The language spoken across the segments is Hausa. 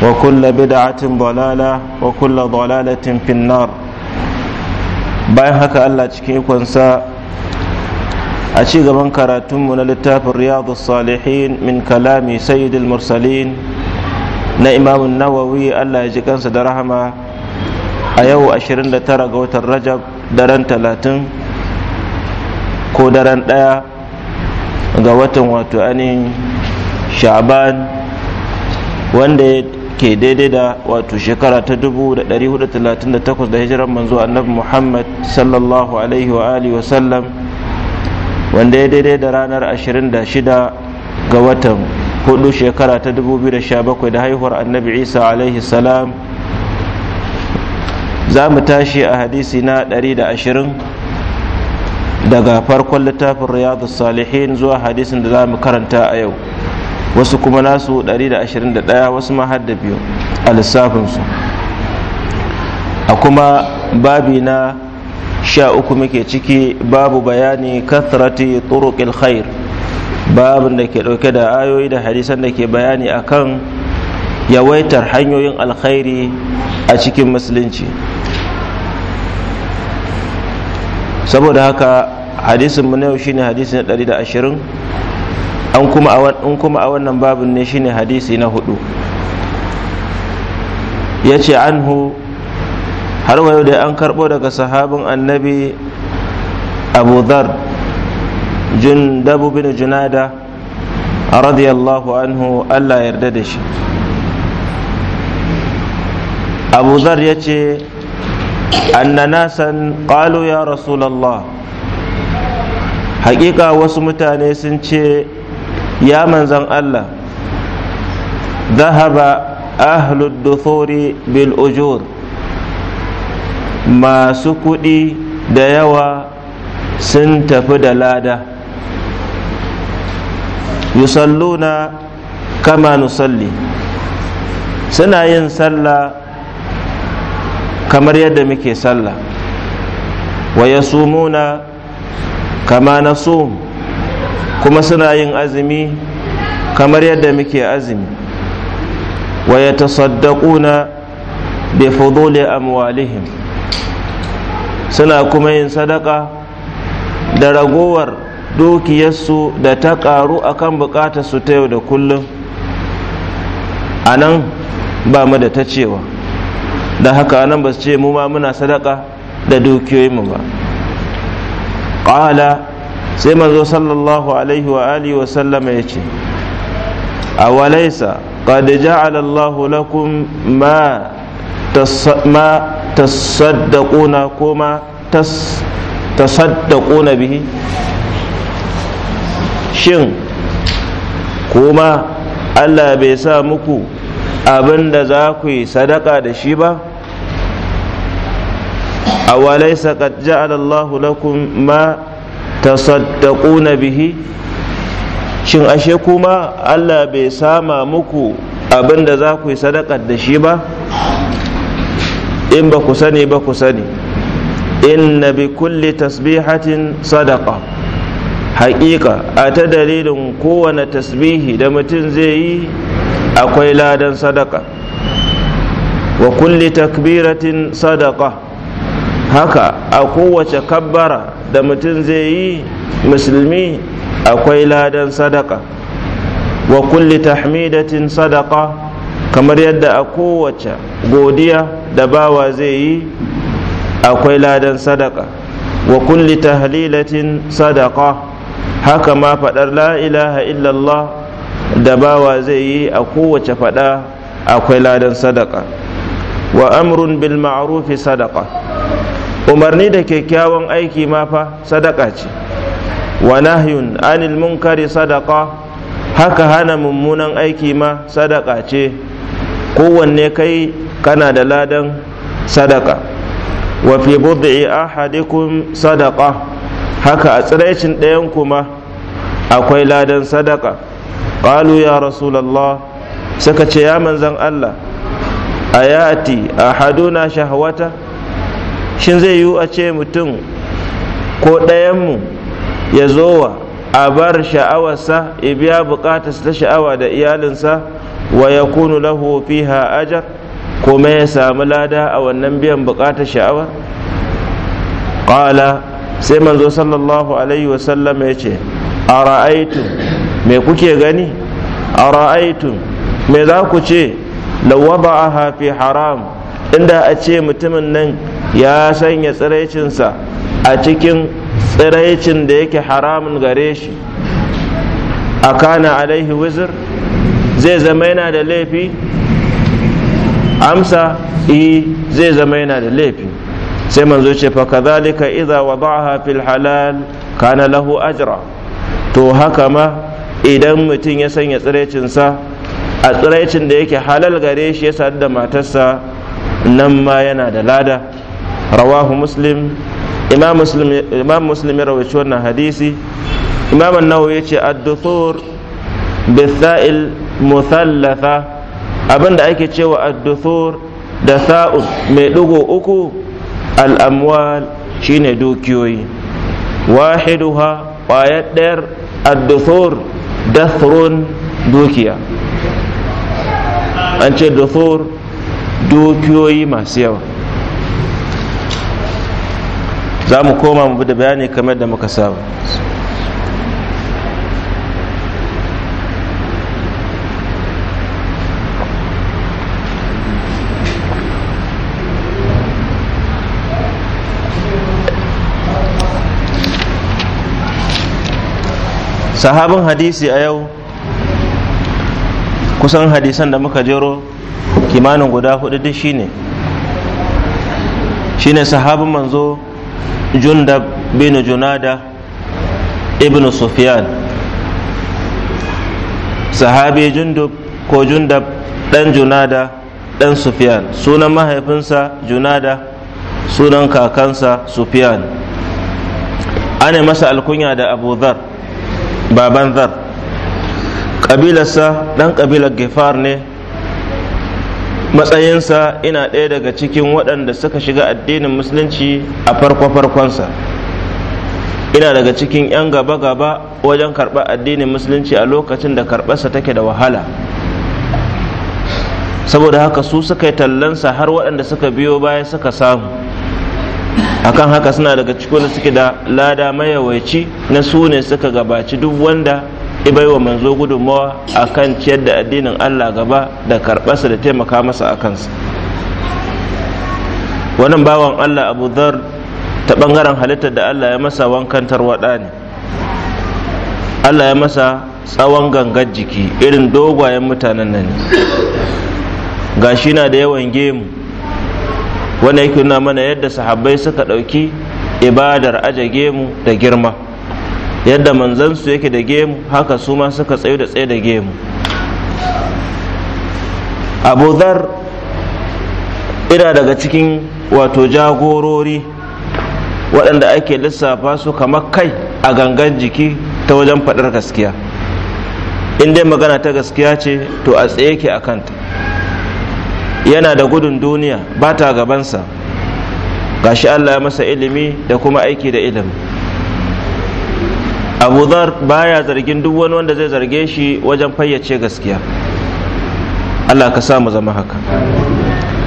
وكل بدعة ضلالة وكل ضلالة tun النار bayan haka Allah cikin ikonsa a ci gaban karatunmu na littafin riyadu salihin min kalami sayyidul mursalin na imamun nawawi Allah ya ji kansa da rahama a yau 29 ga watan rajab daren 30 ko daren 1 ga watan wato anin sha'ban wanda ya take daidai da wato shekara ta 1438 da hijiran manzo annabi muhammad sallallahu alaihi wa alihi wasallam wanda ya daidai da ranar 26 ga watan hudu shekara ta 2017 da haihuwar annabi isa alaihi salam za mu tashi a hadisi na 120 daga farkon littafin riyadu salihin zuwa hadisin da za mu karanta a yau wasu kuma nasu 121 wasu ma har da biyu a lissafinsu a kuma babi na sha uku muke ciki babu bayani kathrati turuqil khair babin da ke dauke da ayoyi da hadisan da ke bayani akan yawaitar hanyoyin alkhairi a cikin musulunci saboda haka hadisin mu na yau shine hadisi na 120 an kuma a wannan babin ne shine hadisi na hudu ya ce an hu har yau da an karbo daga sahabin annabi abu dhar jundabu bin junada radiyallahu hu allah yarda da shi abu zar ya ce annanasan qalu ya rasulallah hakika wasu mutane sun ce ya manzan Allah zahaba ahlud duthuri bil ujur masu kuɗi da yawa sun tafi da lada yusalluna kama nusalli suna yin sallah kamar yadda muke sallah wa yasumuna kama nasum kuma suna yin azumi kamar yadda muke azumi wa yatasaddaquna bi fuduli amwalihim suna kuma yin sadaka da ragowar dukiyarsu da ta karu akan bukatar su ta yau da kullum a nan ba mu da ta cewa da haka nan ba su ce mu ma muna sadaka da dukiyoyinmu ba ƙala sai manzo sallallahu alaihi wa alihi wa sallama ya ce awalaisa qad ja'ala Allah lakum ma ma tasaddaquna kuma tas tasaddaquna bihi shin kuma Allah bai sa muku abin da za ku yi sadaka da shi ba awalaisa qad ja'ala Allah lakum ma tasaddaquna bihi shin ashe kuma Allah bai sama muku abinda za ku yi sadakar da shi ba in ba ku sani ba ku sani inna bi kulli tasbihatin sadaqa haƙiƙa a ta dalilin kowane tasbihi da mutum zai yi akwai ladan sadaka wa kulli takbiratin sadaka haka a kowace kabbara da mutum zai yi musulmi akwai ladan sadaka wa kulli tahmidatin sadaka kamar yadda a kowace godiya da bawa zai yi akwai ladan sadaka wa kulli tahlilatin sadaka haka ma faɗar la ilaha illallah da bawa zai yi a kowace faɗa akwai ladan sadaka wa amrun bil ma'rufi sadaka umarni da kyakkyawan aiki ma fa sadaka ce wa nahyun anil munkari sadaka haka hana mummunan aiki ma sadaka ce kowanne kai kana da ladan sadaka wa fi bud'i ahadikum sadaka haka a tsiraicin ɗayan kuma akwai ladan sadaka qalu ya rasulallah suka ce ya manzan Allah ayati Haduna shahwata shin zai yiwu a ce mutum ko ɗayanmu ya zowa a bar sha'awarsa ya biya bukatarsa ta sha'awa da iyalinsa wa ya kunu lahu fiha ajar kuma ya sami lada a wannan biyan bukatar sha'awar ƙala sai manzo sallallahu alaihi wasallam ya ce a ra'aitu me kuke gani a ra'aitu me za ku ce lawaba a hafi haram inda a ce mutumin nan ya sanya tsiraicinsa a cikin tsiraicin da yake haramun gare shi a kana alaihi wizir zai zama yana da laifi amsa yi zai zama yana da laifi sai manzo ce fa kadhalika idza wada'aha fil halal kana lahu ajra to haka ma idan mutum ya sanya tsiraicinsa a tsiraicin da yake halal gare shi ya sadu da matarsa nan ma yana da lada rawahu muslim imam muslim ya rawaito wannan hadisi imam an ya yace ad da bi-tha'il abinda ake cewa wa duthur da sa'u mai dugo uku al-amwal shine dukiyoyi wahiduha ƙwayar ɗayar ad-duthur dathrun dukiya an ce dukiyoyi masu yawa za mu koma mu da bayani kamar da muka saba sahabin hadisi a yau kusan hadisan da muka jero kimanin guda hudu duk shine shine sahabin manzo jundab bin junada ibn sufyan sahabi jundub ko jundab dan junada dan sufyan sunan mahaifinsa junada sunan kakansa sufyan ana masa alkunya da abu dhar baban dhar ƙabilarsa ɗan ƙabilar gifar ne matsayinsa ina ɗaya daga cikin waɗanda suka shiga addinin musulunci a farko-farkonsa ina daga cikin 'yan gaba-gaba wajen karɓa addinin musulunci a lokacin da karɓarsa take da wahala saboda haka su suka yi tallansa har waɗanda suka biyo baya suka samu akan haka suna daga cikin da suke da lada mayawaici na su ne suka gabaci duk wanda ibai wa manzo gudunmawa a kan ciyar da addinin allah gaba da karɓarsa da taimaka masa a kansa wannan bawan allah abu dhar ta ɓangaren halittar da allah ya masa wankan tarwaɗa ne allah ya masa tsawon gangar jiki irin dogayen mutanen nan gashi na da yawan gemu wanda yake nuna mana yadda sahabbai suka ɗauki ibadar aje gemu da girma yadda manzansu yake da gemu haka su ma suka tsayu da tsaye da gemu abu dhar ina daga cikin wato jagorori waɗanda ake lissafa su kamar kai a gangan jiki ta wajen faɗar gaskiya in dai magana ta gaskiya ce to a tsaye ke a kanta yana da gudun duniya ba ta gabansa gashi allah ya masa ilimi da kuma aiki da ilimi abu ba baya zargin duk wani wanda zai zarge shi wajen fayyace gaskiya allah ka sa zama haka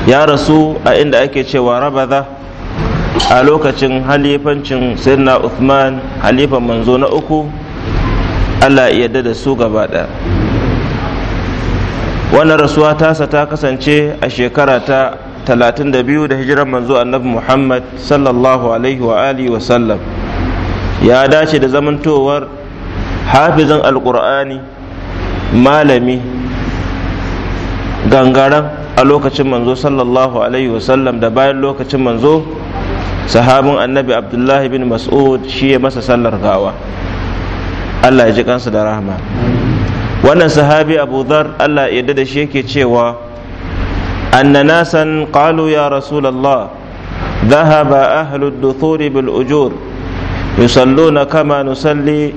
ya rasu a inda ake cewa rabadha a lokacin halifancin sayyidina uthman halifan manzo na uku allah ya da su gaba ɗaya wannan rasuwa tasa ta kasance a shekara ta 32 da hijirar manzo annabi muhammad sallallahu alaihi wa alihi wa sallam ya dace da zamantowar hafizan alkur'ani malami gangaren a lokacin manzo sallallahu alaihi wasallam da bayan lokacin manzo sahabin annabi abdullahi bin mas'ud shi ya masa sallar gawa allah ya ji kansa da rahama wannan sahabi abu dhar allah ya da shi yake cewa annanasan nasan qalu ya rasulallah ذهب أهل الدثور بالأجور يصلون كما نصلي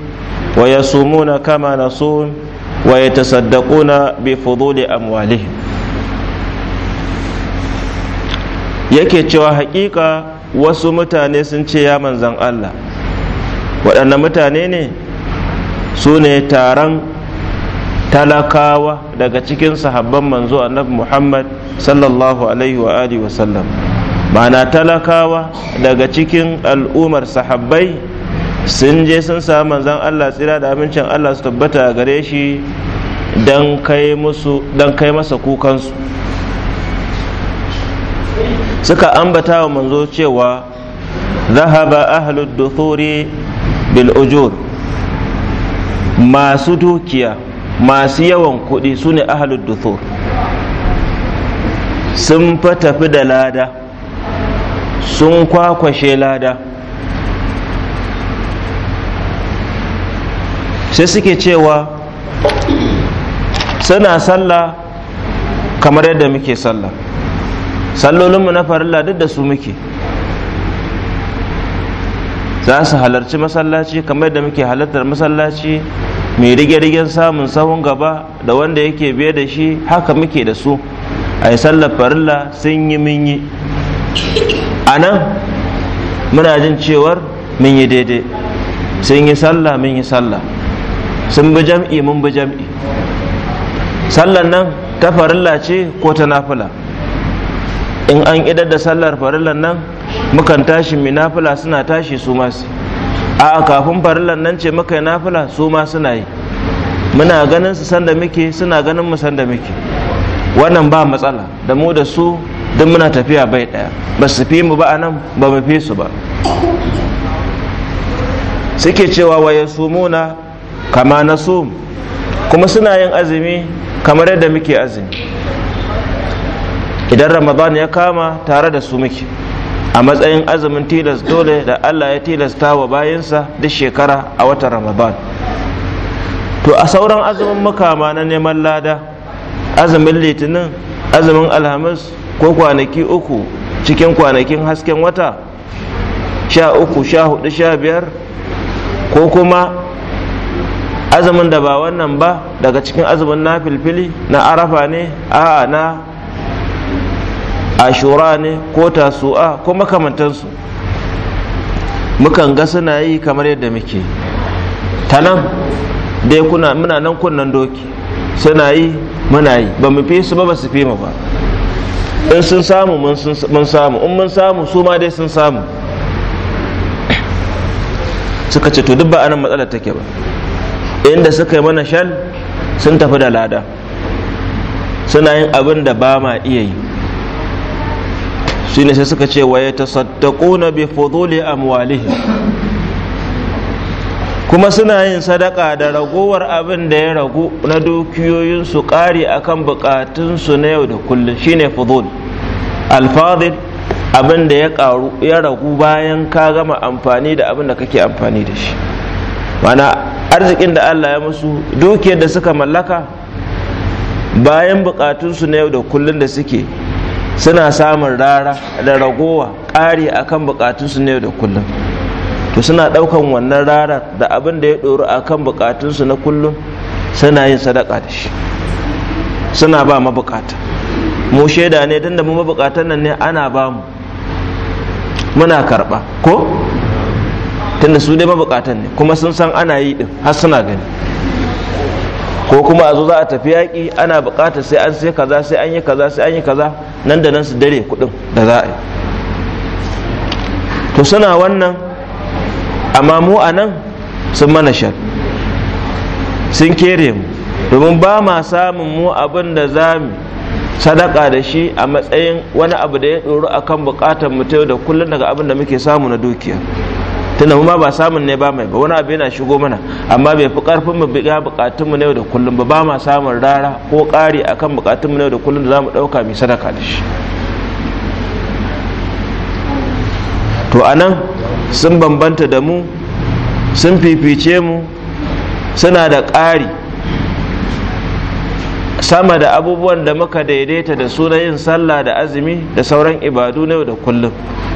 ويصومون كما نصوم ويتصدقون بفضول أموالهم yake cewa haƙiƙa wasu mutane sun ce ya manzan Allah waɗanne mutane ne su ne taron talakawa daga cikin sahabban manzo annabi Muhammad sallallahu alaihi wa alihi wa sallam mana talakawa daga cikin al'ummar sahabbai sun je sun samu manzan Allah tsira da amincin Allah su tabbata gare shi don kai masa kukansu suka ambata wa manzo cewa zahaba ahlud duthuri bil ujur masu dukiya masu yawan kuɗi su ne ahalud duthur sun fa tafi da lada sun kwakwashe lada sai suke cewa suna sallah kamar yadda muke sallah sallolinmu na farilla duk da su muke za su halarci masallaci kamar yadda muke halartar masallaci mai rige-rigen samun sahun gaba da wanda yake biye da shi haka muke da su a yi sallar farilla sun yi mun a nan muna jin cewar mun yi daidai sun yi sallah mun yi sallah sun bi jam'i mun bi jam'i sallar nan ta farilla ce ko ta nafila in an idar da sallar farillan nan mukan tashi mai nafila suna tashi su masu a kafin farillan nan ce muka yi nafila su ma suna yi muna ganin su sanda muke suna ganin mu sanda muke wannan ba matsala da mu da su don muna tafiya bai ɗaya ba su fi mu ba a nan ba mu fi su ba suke cewa waye ya muna kama na sum kuma suna yin azumi kamar yadda muke azumi idan ramadan ya kama tare da su muke a matsayin azumin tilas dole da allah ya tilasta wa bayansa duk shekara a watan ramadan to a sauran azumin makama na neman lada azumin litinin azumin alhamis ko kwanaki uku cikin kwanakin hasken wata sha uku sha hudu sha biyar ko kuma azumin da ba wannan ba daga cikin azumin na filfili na arafa ne a na ashura ne ko tasu'a ko makamantansu mukan ga suna yi kamar yadda muke ta nan dai kuna muna nan kunnan doki suna yi muna yi ba mu fi su ba ba su fi mu ba in sun samu mun samu in mun samu su ma dai sun samu suka ce to duk ba anan matsalar take ba inda suka yi mana shan sun tafi da lada suna yin abin da ba ma iya yi shine sai suka ce waye tasaddaquna bi a amwalihim kuma suna yin sadaka da ragowar abin da ya ragu na dukiyoyinsu ƙari akan bukatunsu na yau da kullum shine fudul alfadil abin da ya ragu bayan ka gama amfani da abin da kake amfani da shi mana arzikin da Allah ya musu dukiyar da suka mallaka bayan bukatunsu na yau da kullum da suke suna samun rara da ragowa ƙari akan bukatunsu na yau da kullum to suna ɗaukan wannan rara da abin da ya ɗoru a kan bukatunsu na kullum suna yin sadaka da shi suna ba mabukata mu shaida ne tunda mu mabukatan nan ne ana ba mu muna karɓa ko tunda su dai mabukatan ne kuma sun san ana yi ɗin har suna gani ko kuma a zo za a tafi yaƙi ana bukata sai an sai kaza sai an yi kaza sai an yi kaza nan da nan su dare kuɗin da za a yi to suna wannan amma mu a nan sun mana shar sun kere mu domin ba ma samun mu abin da za mu sadaka da shi a matsayin wani abu da ya ɗoro a kan buƙatar mu da kullum daga abin da muke samu na dukiya tunda mu ma ba samun ne ba mai ba wani abu yana shigo mana amma bai fi ƙarfin mu biya buƙatun mu yau da kullum ba ba ma samun rara ko ƙari akan buƙatun mu yau da kullum da za mu ɗauka mai sadaka da shi to anan sun bambanta da mu sun fifice mu suna da ƙari sama da abubuwan da muka daidaita da su na yin sallah da azumi da sauran ibadu na yau da kullum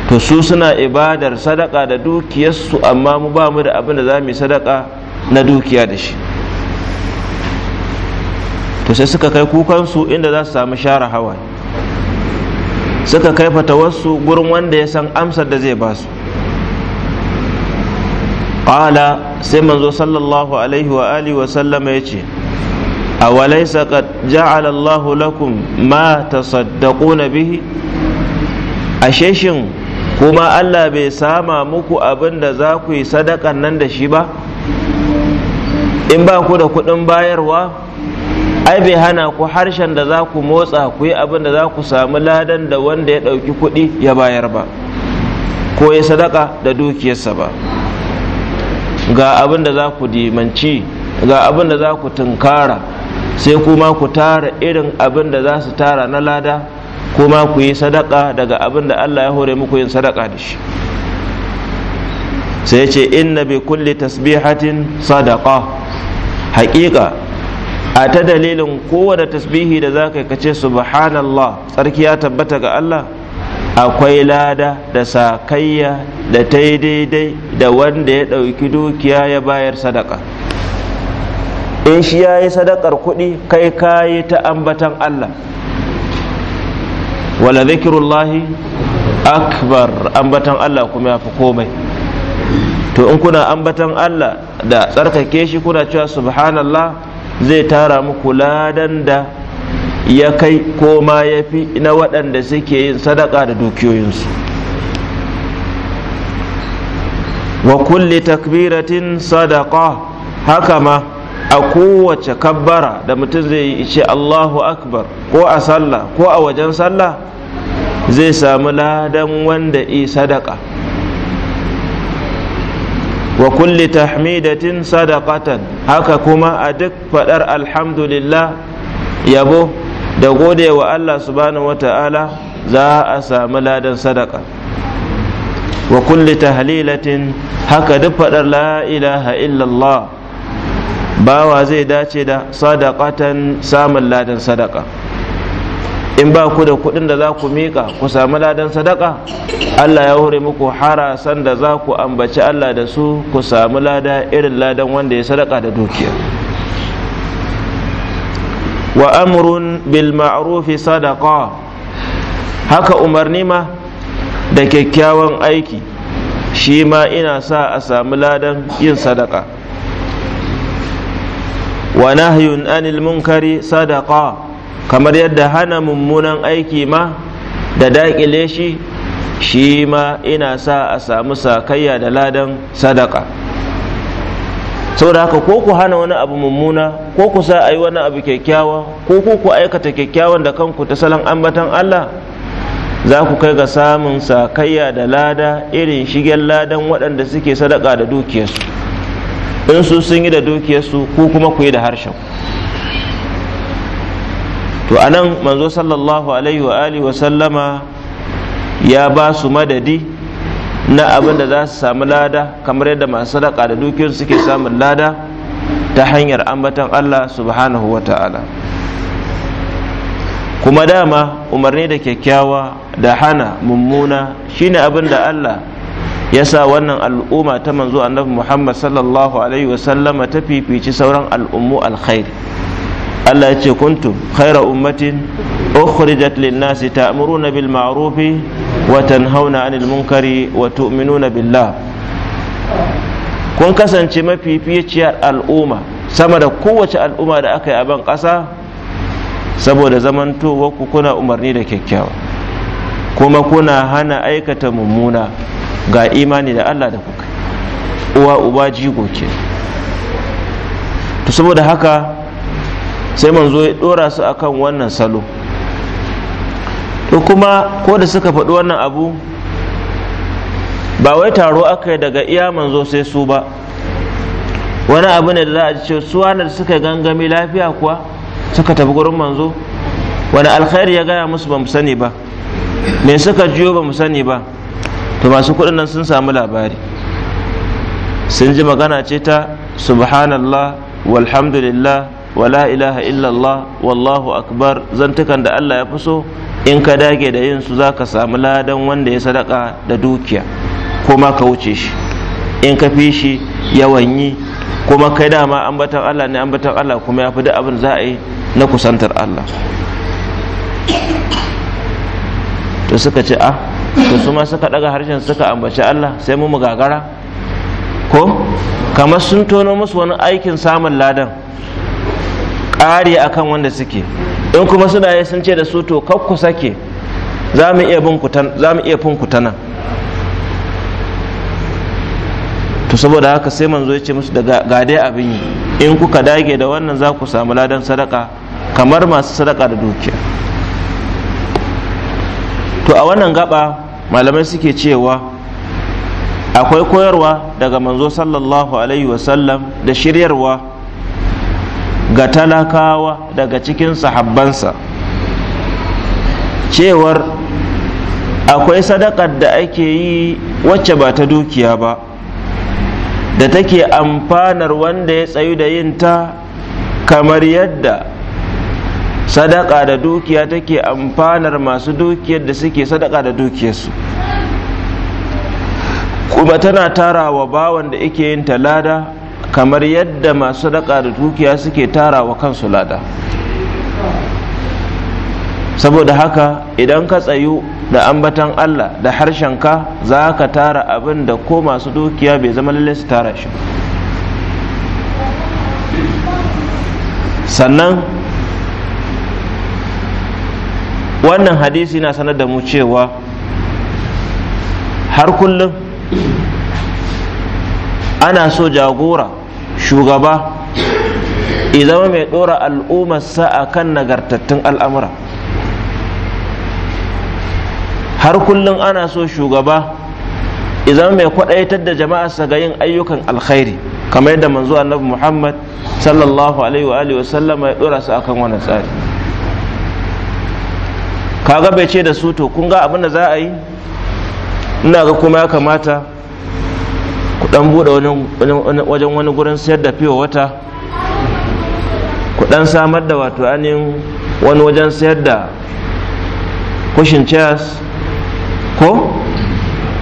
to su suna ibadar sadaka da dukiyarsu amma mu ba mu da abin da za mu yi sadaka na dukiya da shi to sai suka kai kukansu inda za su samu share hawa suka kai fatawarsu gurin wanda ya san amsar da zai ba su qala sai manzo sallallahu alaihi wa alihi wa sallama yace awalaisa qad ja'ala Allahu lakum ma tasaddaquna bihi ashe shin kuma Allah bai sama muku abin da za ku yi sadakan nan da shi ba in ba ku da kuɗin bayarwa ai bai hana ku harshen da za ku motsa ku yi abin da za ku samu ladan da wanda ya ɗauki kuɗi ya bayar ba ko ya sadaka da dukiyarsa ba ga abin da za ku dimanci ga abin da za ku tunkara sai kuma ku tara irin abin da za su tara na lada kuma ku yi sadaka daga abin da Allah ya hore muku yin sadaka da shi sai ce inna bi kulli tasbihatin sadaka. haƙiƙa a ta dalilin kowane tasbihi da za ka kace subhanallah tsarki ya tabbata ga Allah akwai lada da sakayya da ta daidai da wanda ya ɗauki dukiya ya bayar sadaka in shi ya yi sadakar kuɗi kai kayi ta ambatan Allah wala zikirullahi akbar ambatan Allah kuma ya fi komai to in kuna ambatan Allah da tsarkake shi kuna cewa subhanallah zai tara muku ladan da ya kai ko ma ya fi na waɗanda suke yin sadaka da dukiyoyinsu wa kulli takbiratin sadaka haka ma a kowace kabbara da mutum zai yi ce allahu akbar ko a sallah ko a wajen sallah zai samu ladan wanda i sadaka wa kulli tahmidatin sadakatan haka kuma a duk faɗar alhamdulillah yabo da gode wa Allah subhanahu ta'ala za a sami ladan sadaka wa kulli tahlilatin haka duk faɗar la ilaha illallah bawa zai dace da sadaqatan samun ladan sadaka in ba ku da kuɗin da za ku miƙa ku samu ladan sadaka Allah ya hore muku harasan da za ku ambaci Allah da su ku samu lada irin ladan wanda ya sadaka da dukiya wa amrun bil ma'rufi sadaqa haka umarni ma da kyakkyawan aiki shi ma ina sa a samu ladan yin sadaka wa nahyun anil munkari sadaqa kamar yadda hana mummunan aiki ma da daƙile shi shi ma ina sa a samu sakayya da ladan sadaka saboda haka ko ku hana wani abu mummuna ko ku sa yi wani abu kyakkyawa ko ku ku aikata kyakkyawan da kanku ta salon ambatan Allah za ku kai ga samun sakayya da lada irin shigen ladan waɗanda suke sadaka da dukiyarsu in su sun yi da dukiyarsu ku kuma ku yi da harshen to anan manzo sallallahu alaihi wa alihi wa sallama ya ba su madadi na abin da za su samu lada kamar yadda masu sadaka da dukiyarsu suke samun lada ta hanyar ambatan Allah subhanahu wa ta'ala kuma dama umarni da kyakkyawa da hana mummuna shine abin da Allah ya sa wannan al'umma ta manzo annabi Muhammad sallallahu alaihi wa sallama ta fifici sauran al'ummu alkhairi Allah ya ce kuntum khaira ummatin ukhrijat lin-nasi ta'muruna bil ma'rufi وتنهون عن المنكر وتؤمنون بالله kun kasance mafificiyar al'umma sama da kowace al'umma da aka yi a ban ƙasa saboda zamantowa ku kuna umarni da kyakkyawa kuma kuna hana aikata mummuna ga imani da Allah da kuka uwa uba jigo ke saboda haka sai manzo ya dora su akan wannan salo to kuma ko da suka faɗi wannan abu ba wai taro aka yi daga iya manzo sai su ba wani abu ne da za a ce su da suka gangami lafiya kuwa suka tafi gurin manzo wani alkhairi ya gaya musu ba mu sani ba me suka jiyo ba mu sani ba to masu kuɗin nan sun samu labari sun ji magana ce ta subhanallah walhamdulillah wala ilaha illallah wallahu akbar zantukan da allah ya fi so in ka dage da yin su zaka samu ladan wanda ya sadaka da dukiya kuma ka wuce shi in ka fi shi yawan yi kuma kai dama ambatan Allah ne ambatan Allah kuma ya fi duk abin za a yi na kusantar Allah to suka ce a ah, to su ma suka daga harshen suka ambaci Allah sai mu gagara ko kamar sun tono musu wani aikin samun ladan ƙari akan wanda suke in kuma suna yi sun ce da su to kakku sake za mu iya fin kutana nan to saboda haka sai manzo ya ce musu da gade abin yi in kuka dage da wannan za ku samu ladan sadaka kamar masu sadaka da dukiya to a wannan gaba malamai suke cewa akwai koyarwa daga manzo sallallahu alaihi wasallam da shiryarwa ga talakawa daga cikin sahabbansa cewar akwai sadakar da ake yi wacce ba ta dukiya ba da take amfanar wanda ya tsayu da yin ta kamar yadda sadaka da dukiya take amfanar masu dukiyar da suke sadaka da dukiyarsu kuma tana tara wa bawan da ake yin talada kamar yadda masu daƙa da dukiya suke tara wa kansu lada saboda haka idan ka tsayu da ambatan Allah da harshenka za ka tara abin da ko masu dukiya bai zama lalle su tara shi sannan wannan hadisi na sanar da mu cewa har kullum ana so jagora shugaba izama mai ɗora al'ummarsa a kan nagartattun al'amura har kullum ana so shugaba izama mai kwaɗaitar da jama'arsa ga yin ayyukan alkhairi kamar yadda manzo annabi muhammad sallallahu alaihi wa alihi ya ɗora su akan wannan tsari kaga bai ce da su to kun ga abin da za a yi ina ga kuma ya kamata ku dan bude wajen wani gurin sayar da fiye wata ku dan samar da wato anin wani wajen sayar da kushin chairs ko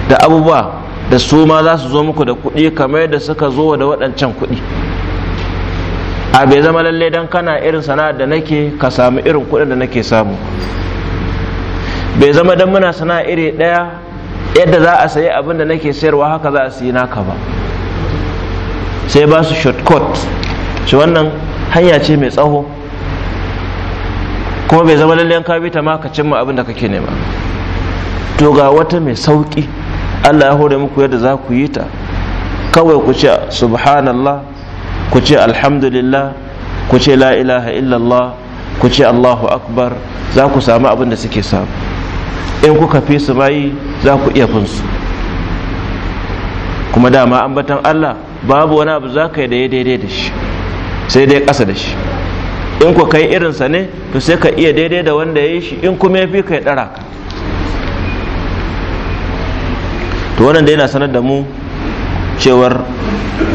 da abubuwa da su ma za su zo muku da kuɗi kamar yadda suka zo da waɗancan kuɗi a bai zama lallai don kana irin sana'ar da nake ka samu irin kuɗin da nake samu bai zama don muna sana'a iri ɗaya yadda za a sayi abin da nake sayarwa haka za a sayi naka ba sai ba su shortcut shi wannan hanya ce mai tsaho kuma bai zama lallai ka bi ta ma ka cimma abin da kake nema to ga wata mai sauki Allah ya hore muku yadda za ku yi ta kawai ku ce subhanallah ku ce alhamdulillah ku ce la ilaha illallah ku ce allahu akbar za ku samu abin da suke samu in kuka fi su bayi za ku iya fin su kuma dama ambatan Allah babu wani abu za ka yi da ya daidai da shi sai dai ƙasa da shi in ku kai irinsa ne to sai ka iya daidai da wanda ya yi shi in kuma ya fi ka yi ɗara ka to wannan da yana sanar da mu cewar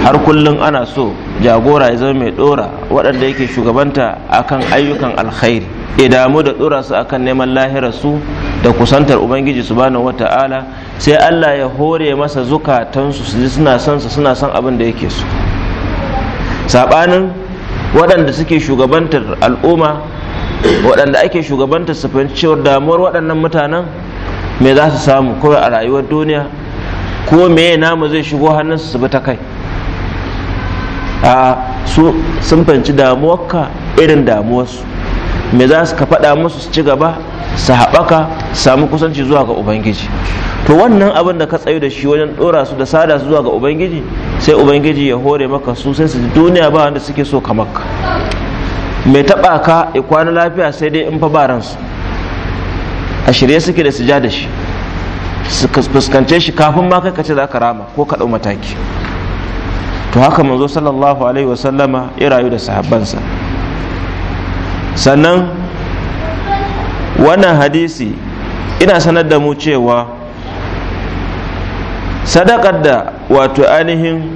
har kullum ana so jagora ya zama mai dora waɗanda yake shugabanta akan ayyukan alkhairi ya damu da dora su akan neman su da kusantar ubangiji su subhanahu wata'ala sai allah ya hore masa zukatansu su ji suna son sa suna son abin da yake so saɓanin waɗanda suke shugabantar al'umma waɗanda ake shugabantar su fahimci cewar damuwar waɗannan mutanen me za su samu kawai a rayuwar duniya ko meye namu zai shigo hannun su bi ta kai a su sun fahimci damuwarka irin damuwarsu me za su ka faɗa musu su ci gaba su haɓaka samu kusanci zuwa ga ubangiji to wannan abin da ka tsayu da shi wajen ɗora su da sada su zuwa ga ubangiji sai ubangiji ya hore maka su sai su duniya ba wanda suke so kamar ka mai taɓa ka ya kwana lafiya sai dai in fa ba a shirye suke da su ja da shi su fuskance shi kafin ma kai ka ce za ka rama ko ka ɗau mataki to haka manzo sallallahu alaihi wasallama ya rayu da sahabbansa sannan wannan hadisi ina sanar da mu cewa sadakar da wato ainihin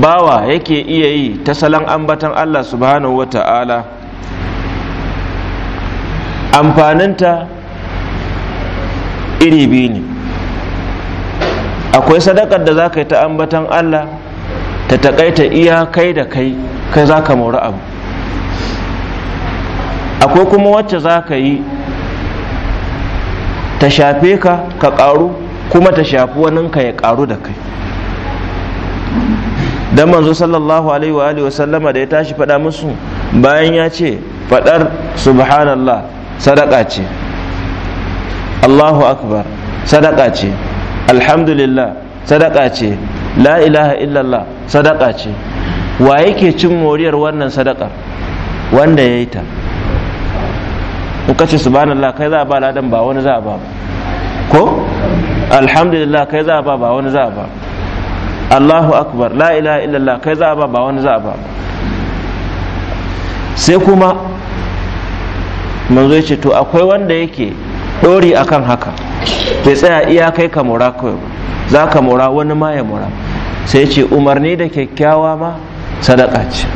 bawa yake iya yi ta salon ambatan Allah subhanahu wa ta'ala amfaninta iri biyu ne akwai sadakar da za ka yi ta ambatan allah ta takaita iya kai da kai kai za ka mori abu akwai kuma wacce za ka yi ta shafe ka ka karu kuma ta shafi waninka ya karu da kai Don manzo sallallahu alaihi wa alihi wasallama da ya tashi faɗa musu bayan ya ce faɗar subhanallah sadaka ce Allahu akbar sadaka ce alhamdulillah sadaka ce la ilaha illallah sadaka ce wa yake cin moriyar wannan sadakar wanda ya yi ta in ka ce subhanallah kai za a ba ladan ba wani za a ba ko alhamdulillah kai za a ba ba wani za a ba allahu akbar la ilaha illallah kai za a ba ba wani za a ba sai kuma manzo ya ce to akwai wanda yake Dori akan haka bai tsaya iya kai ka mora kawai za ka mora wani ma ya mora sai ce umarni da kyakkyawa ma sadaka ce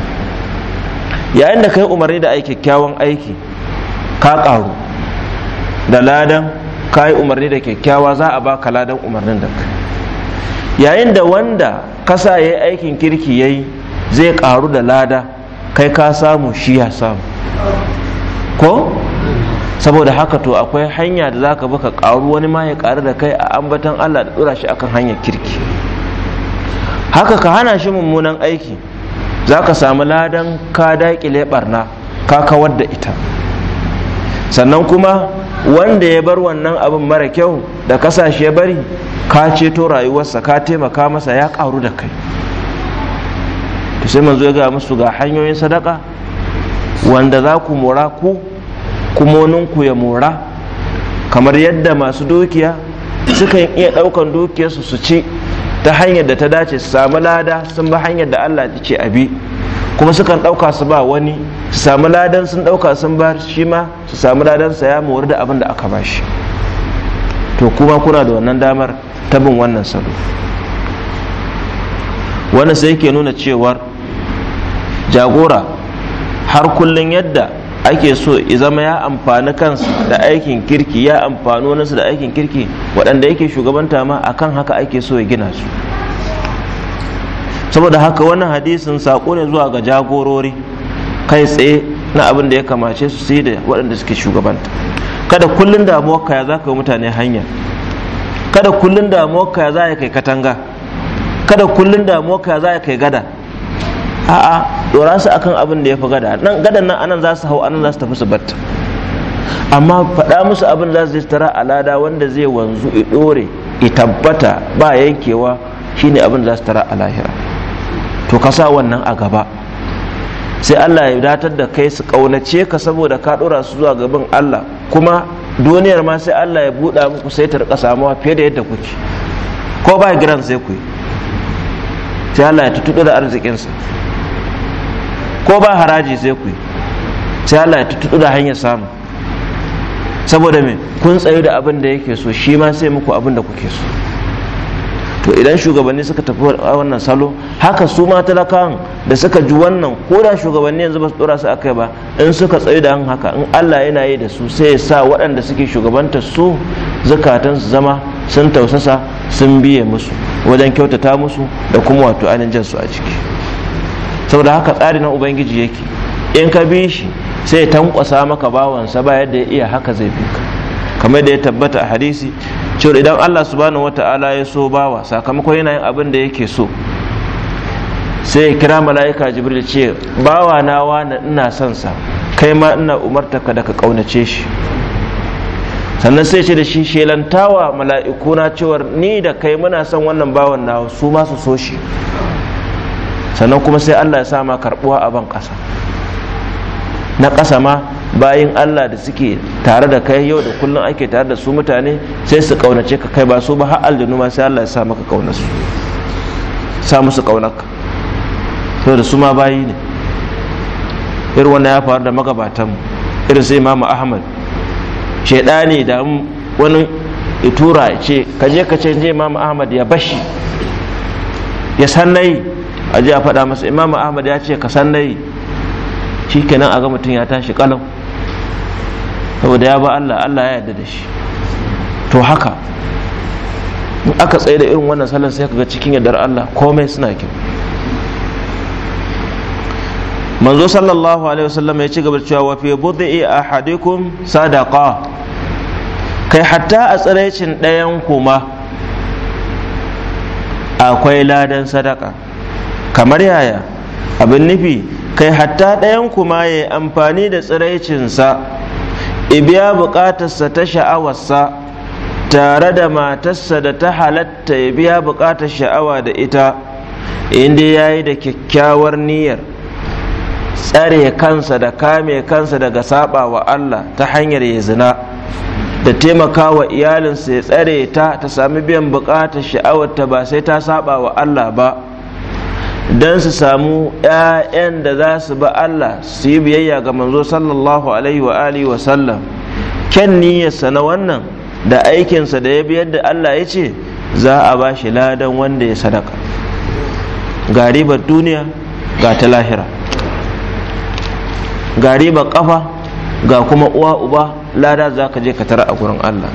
yayin da kai umarni da kyakkyawan aiki ka karu da ladan ka yi umarni da kyakkyawa za a baka ladan umarnin da kai yayin da wanda kasa ya yi aikin kirki ya zai karu da lada kai ka samu shi ya samu ko saboda haka to akwai hanya da za ka baka ƙaru wani ma ya karu da kai a ambatan allah da tsura shi akan hanyar kirki haka ka hana shi mummunan aiki za ka samu ladan ka daƙile barna ka kawar da ita sannan kuma wanda ya bar wannan abin mara kyau da kasashe ya bari ka ceto rayuwarsa ka taimaka masa ya ƙaru da kai sai manzo ya ga musu ga hanyoyin sadaka wanda za ku mura ku kumoninku ku ya mora kamar yadda masu dukiya sukan iya ɗaukan dukiyarsu su ci ta hanyar da ta dace su samu lada sun ba hanyar da Allah ya ce abi kuma sukan ɗauka su ba wani su samu ladan sun ɗauka sun ba shi ma su samu ladan sa ya mori da abin da aka ba shi to kuma kuna da wannan damar ta bin wannan salo wannan sai ke nuna cewar jagora har kullum yadda ake so zama ya amfani kansu da aikin kirki ya amfani su da aikin kirki waɗanda yake shugabanta ma akan haka ake so ya gina su saboda haka wannan hadisin saƙo ne zuwa ga jagorori kai tsaye na abin da ya kamace su sai da waɗanda suke shugabanta kada kullum damuwar kaya za ka yi mutane hanya kada kullum damuwar kaya za ka yi katanga kada kullum damuwar kaya za ka yi gada a'a dora su akan abin da ya fi gada nan gadan nan anan za su hau anan za su tafi su batta amma faɗa musu abin za su tara alada wanda zai wanzu i dore i tabbata ba yankewa shine abin za su tara a lahira to ka sa wannan a gaba sai Allah ya datar da kai su kaunace ka saboda ka ɗora su zuwa gaban Allah kuma duniyar ma sai Allah ya buɗa muku sai ta rika samuwa fiye da yadda kuke ko ba giran sai ku sai Allah ya tutuɗa da arzikinsa ko ba haraji sai ku sai Allah ya tutu da hanyar samu saboda me kun tsayu da abin da yake so shi ma sai muku abin da kuke so to idan shugabanni suka tafi wannan salo haka su ma talakawan da suka ji wannan ko da shugabanni yanzu ba su dora su akai ba in suka tsayu da haka in Allah yana yi da su sai ya sa waɗanda suke shugabanta su zakatan su zama sun tausasa sun biye musu wajen kyautata musu da kuma wato ainihin su a ciki saboda haka tsari na ubangiji yake in ka bi shi sai ya tankwasa maka bawansa ba yadda ya iya haka zai bi ka kamar da ya tabbata a hadisi cewa idan Allah su subhanahu wata'ala ya so bawa sakamakon yana yin abin da yake so sai ya kira mala'ika jibril ce bawa na wani ina son sa kai ma ina umarta ka da ka kaunace shi sannan sai ce da shi shelantawa mala'ikuna cewar ni da kai muna son wannan bawan na su ma su so shi sannan kuma sai Allah ya sa ma karbuwa a ban kasa na kasa ma bayin Allah da suke tare da kai yau da kullum ake tare da su mutane sai su kaunace ka kai ba su ba har aljanu ma sai Allah ya sa maka kauna su sa musu to da su ma bayi ne irin wannan ya faru da magabatan irin sai imamu Ahmad ne da wani itura ce kaje ka ce je Ahmad ya bashi ya sannai a a faɗa masa imam ahmad ya ce ka san dai shi kenan a ga mutum ya tashi kalau saboda ya ba allah allah ya yarda da shi to haka in aka tsaye da irin wannan sallar sai kaga cikin yardar allah komai suna kyau manzo sallallahu alaihi wasallam ya ci gaba cewa wa fi bud'i ahadikum sadaqa kai hatta a tsiraicin ɗayan kuma akwai ladan sadaka kamar yaya abin nufi kai hatta ɗayan kuma ya amfani da tsiraicinsa ibiya buƙatarsa ta sha'awarsa tare da matarsa da ta halatta ya biya buƙatar sha'awa da ita inda ya yi da kyakkyawar niyyar tsare kansa da kame kansa daga saba wa Allah ta hanyar ya zina da taimaka wa iyalinsa ya tsare ta ta sami biyan buƙatar sha'awarta ba sai ta saba wa Allah ba don su samu 'ya'yan da za su ba Allah su yi biyayya ga manzo sallallahu alaihi wa alihi wa sallam kyan niyyarsa na wannan da aikinsa da ya biyar da Allah ya ce za a ba shi ladan wanda ya sadaka ga ribar duniya ga ta lahira ga ribar kafa ga kuma uwa uba lada za ka je ka tara a gurin Allah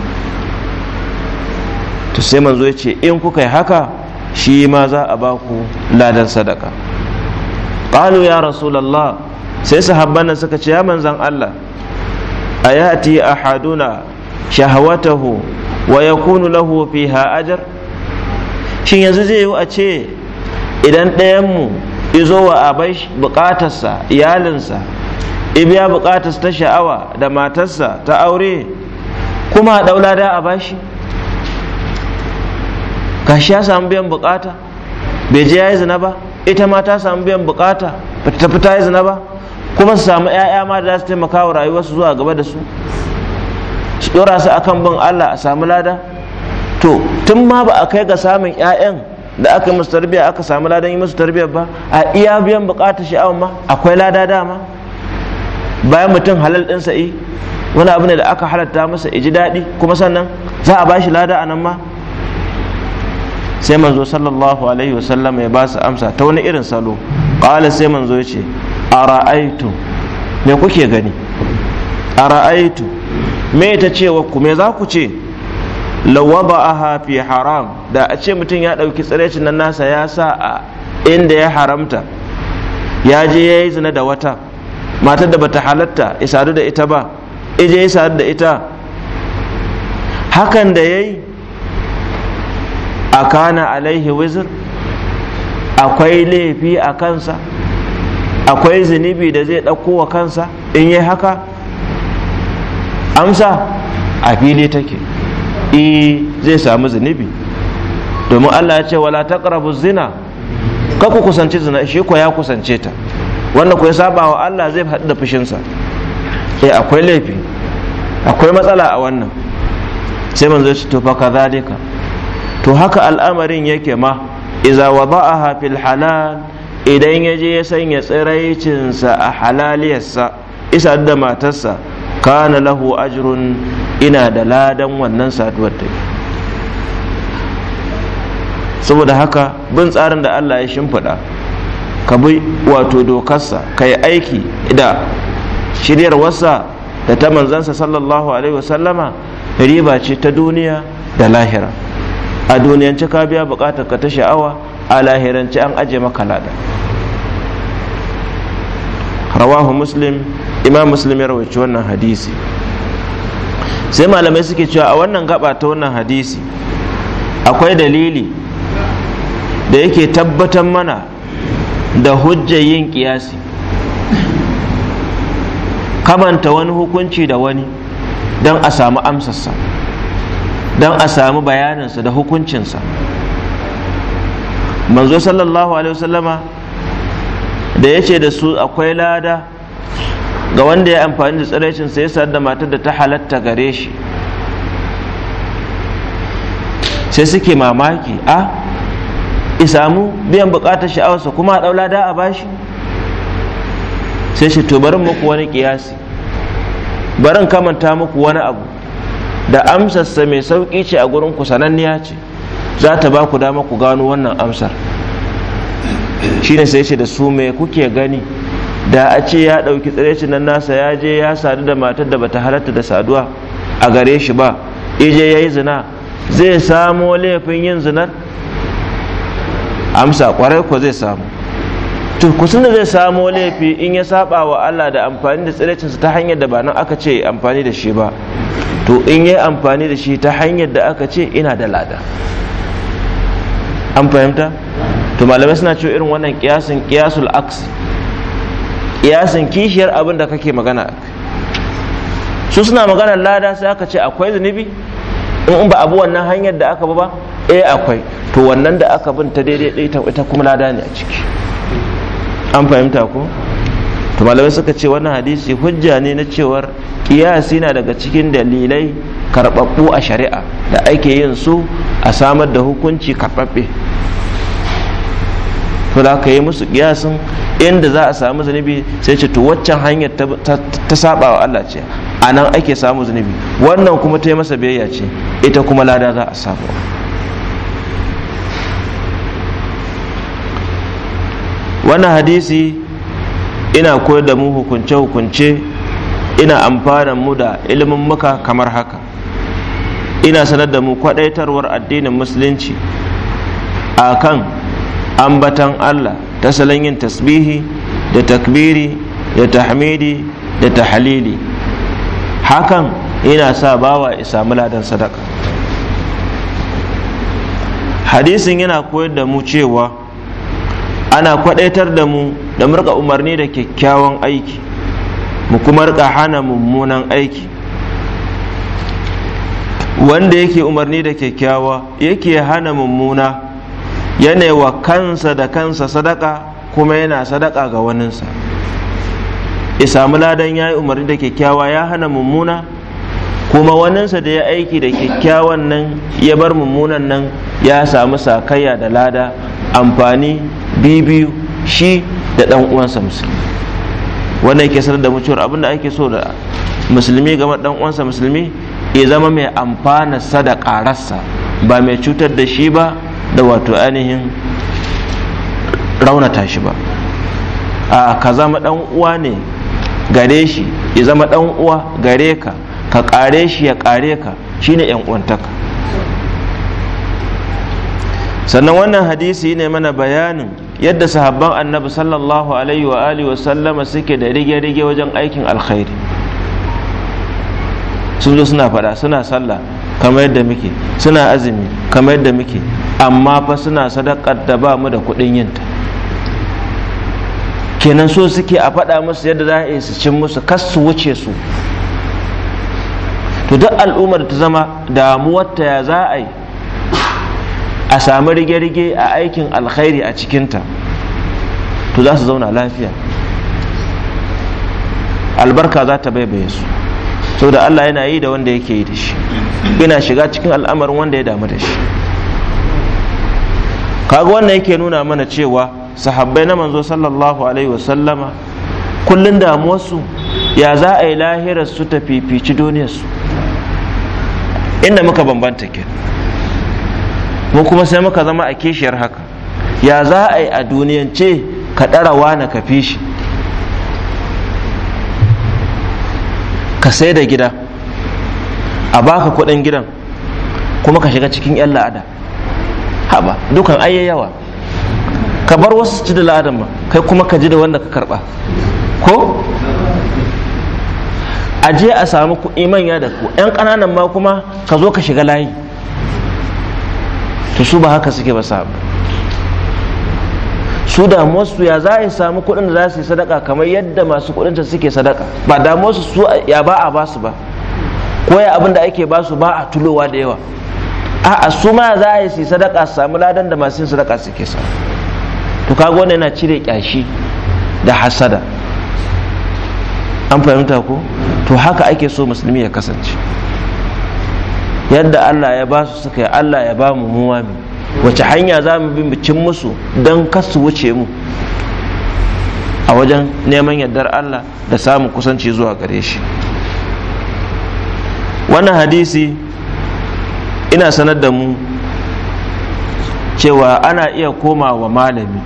to sai manzo ya ce in kuka yi haka shi ma za a ba ku ladan sadaka qalu ya rasulullah sai sahabban nan suka ce ya manzan Allah ayati ahaduna shahawatahu wa yakunu lahu fiha ajr shin yanzu zai yi a ce idan mu izo wa abai bukatarsa iyalinsa ibiya bukatarsa ta sha'awa da matarsa ta aure kuma a ɗaulada a bashi shi ya samu biyan bukata bai je ya yi zina ba ita ma ta samu biyan bukata ba ta tafi ta yi zina ba kuma su samu 'ya'ya ma da za su taimaka wa rayuwarsu zuwa gaba da su su dora su akan bin Allah a samu lada to tun ma ba a kai ga samun 'ya'yan da aka musu tarbiyya aka samu ladan yi musu tarbiyya ba a iya biyan bukatar sha'awar ma akwai lada dama bayan mutum halal ɗinsa yi eh, wani abu ne da aka halatta masa ji daɗi kuma sannan za a bashi lada a nan ma sai manzo sallallahu alaihi wasallam ya ba su amsa ta wani irin salo ƙala sai manzo ya ce ra'aitu me kuke gani a ra'aitu me ta ce wa ku me za ku ce ba a hafi haram da a ce mutum ya ɗauki tsirecin nan nasa ya sa a inda ya haramta ya je ya yi zina da wata matar da bata halatta isa da ita ba ije ya da ita hakan da ya yi a kana alaihi wizir akwai laifi a kansa akwai zunubi da zai ɗauko wa kansa in yi haka amsa a fili take e zai samu zunubi domin allah ya ce wala taqrabu zina kaku ku kusanci zina shi ko ya kusance ta wanda ku ya saba wa allah zai haɗu da fushinsa e akwai laifi akwai matsala a wannan sai manzo zai ce to fa kadhalika to haka al'amarin yake ma iza wada'aha fil halal idan ya je ya sanya tsiraicinsa a halaliyarsa isa da matarsa kana lahu ajrun ina da ladan wannan saduwar ta saboda haka bin tsarin da Allah ya shimfiɗa ka bi wato dokarsa ka yi aiki da shiryarwarsa da ta manzansa sallallahu alaihi wasallama riba ce ta duniya da lahira a duniyance ka biya bukatar ka ta sha'awa a lahirance an aje maka lada rawahu muslim imam muslim ya rawaici wannan hadisi sai malamai suke cewa a wannan gaba ta wannan hadisi akwai dalili da yake tabbatar mana da hujjar yin kiyasi kamanta wani hukunci da wani don a samu amsarsa don a samu bayaninsa da hukuncinsa manzo sallallahu alaihi wasallama da ya ce da su akwai lada ga wanda ya amfani da tsiraicin sai ya da matar da ta halatta gare shi sai suke mamaki a isamu biyan bukatar sha'awarsa kuma a lada a bashi sai shi to barin muku wani kiyasi barin kamanta muku wani abu da amsarsa mai sauƙi ce a gurin ku sananniya ce za ta ba ku dama ku gano wannan amsar shine sai ce da su me kuke gani da a ce ya ɗauki tsirecin nan nasa ya je ya sadu da matar da bata halatta da saduwa a gare shi ba ije ya yi zina zai samo laifin yin zinar amsa kwarai ko zai samu to kusan da zai samo laifi in ya saba wa Allah da amfani da su ta hanyar da ba nan aka ce amfani da shi ba to in yi amfani da shi ta hanyar da aka ce ina da lada an fahimta to malamai suna cewa irin wannan kiyasin kiyasul aksi kiyasin kishiyar abin da kake magana su suna maganar lada sai aka ce akwai zunubi in ba abu wannan hanyar da aka ba E akwai to wannan da aka bin ta daidai ita kuma lada ne a ciki an fahimta ko to malamai suka ce wannan hadisi hujja ne na cewar kiyasi na daga cikin dalilai karɓaɓɓu a shari'a da ake yin su a samar da hukunci karɓaɓɓe to da ka yi musu kiyasin inda za a samu zunubi sai ce to waccan hanyar ta saba wa Allah ce a nan ake samu zunubi wannan kuma ta yi masa biyayya ce ita kuma lada za a samu wannan hadisi ina koyar da mu hukunce-hukunce ina amfana mu da ilimin muka kamar haka ina sanar da mu kwadaitarwar addinin musulunci a kan ambatan Allah ta salon yin tasbihi da takbiri da tahmidi da tahalili hakan ina sa bawa isa ladan sadaka hadisin yana koyar da mu cewa ana kwadaitar da mu da murka umarni da kyakkyawan aiki mu kuma rika hana mummunan aiki wanda yake umarni da kyakkyawa yake hana mummuna yana wa kansa da kansa sadaka kuma yana sadaka ga waninsa ya samu ladan ya yi umarni da kyakkyawa ya hana mummuna kuma waninsa da ya aiki da kyakkyawan nan ya bar mummunan nan ya sami sakayya da lada amfani bibiyu shi da ɗan'uwansa. musulmi wannan yake sanar da mutuwar abin abinda ake so da musulmi game dan uwansa musulmi ya zama mai amfana da ƙararsa ba mai cutar da shi ba da wato ainihin raunata shi ba a ka zama dan uwa ne gare shi ya zama dan uwa gare ka ka kare shi ya kare ka shine yan uwantaka sannan wannan hadisi ne mana bayanin yadda sahabban annabi sallallahu alaihi wa alihi wa sallama suke da rige-rige wajen aikin alkhairi sun zo suna fada suna sallah kamar yadda muke suna azumi kamar yadda muke amma fa suna sadakar da ba mu da kuɗin yinta kenan so suke a faɗa musu yadda za a su cin musu kas su wuce su to duk al'ummar ta zama ta ya za a yi a sami rige-rige a aikin alkhairi a cikinta to za su zauna lafiya albarka za ta baibaye su da Allah yana yi da wanda yake yi da shi yana shiga cikin al'amarin wanda ya damu da shi kaga wannan yake nuna mana cewa sahabbai na manzo sallallahu alaihi wasallama kullun damuwarsu ya za a yi lahirar su ta fifici duniyarsu inda muka bambanta ke mu kuma sai muka zama a kishiyar haka ya za a yi a duniyance ka ɗara wani ka fi shi ka sai da gida a baka kuɗin gidan kuma ka shiga cikin 'yan la'ada haba dukan ayyayawa ka bar wasu ci da la'adan ba kai kuma ka ji da wanda ka karɓa ko a je a samu kuɗi manya da ku 'yan ƙananan ma kuma ka zo ka shiga layi to su ba haka suke ba sabu su damuwarsu ya za a samu kuɗin da za su yi sadaka kamar yadda masu kuɗinta suke sadaka ba damuwarsu su ya ba a basu ba ko ya abin ake basu ba a tulowa da yawa a su ma za a yi su sadaka su samu ladan da masu yin sadaka suke sa to kaga wannan yana cire kyashi da hasada an fahimta ko to haka ake so musulmi ya kasance yadda Allah ya ba su suka yi Allah ya ba mu mu wacce wace hanya za mu bi bikin musu don kasu wuce mu a wajen neman yardar Allah da samun kusanci zuwa gare shi wannan hadisi ina sanar da mu cewa ana iya koma wa malami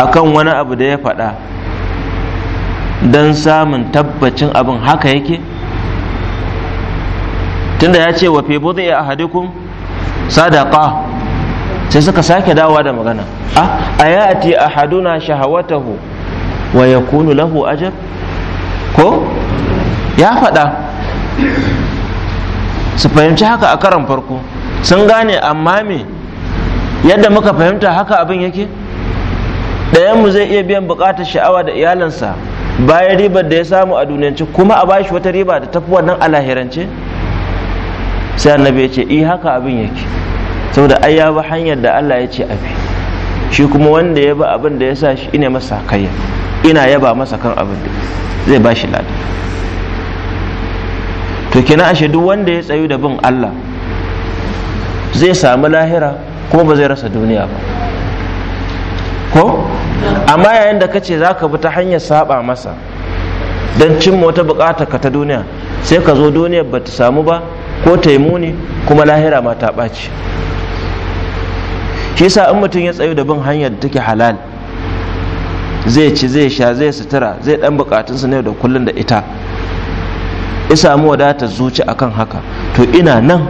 akan wani abu da ya faɗa don samun tabbacin abin haka yake tunda ya ce wa fi a hadikun sadaqa sai suka sake dawowa da magana a ayati ahaduna shahawatahu wa yakunu lahu ajr ko ya faɗa su fahimci haka a karan farko sun gane amma me yadda muka fahimta haka abin yake ɗayanmu zai iya biyan buƙatar sha'awa da iyalinsa bayan ribar da ya samu a duniyance kuma a bashi wata riba da tafi wannan a lahirance sai annabi ya ce i eh, haka abin yake saboda ai ya bi hanyar da Allah ya ce abi shi kuma wanda ya bi abin da ya sa shi ina masa kayya ina yaba masa kan abin da zai ba shi lada to kina ashe duk wanda ya tsayu da bin Allah zai samu lahira kuma ba zai rasa duniya ba ko amma yayin da kace zaka bi ta hanyar saba masa don cimma wata bukata ka ta duniya sai ka zo duniyar ba ta samu ba ko taimuni muni kuma lahira ma ta ɓaci shi sa in mutum ya tsayu da bin hanyar da take halal zai ci zai sha zai sutura zai ɗan buƙatunsa na yau da kullum da ita ya samu wadatar zuci akan haka to ina nan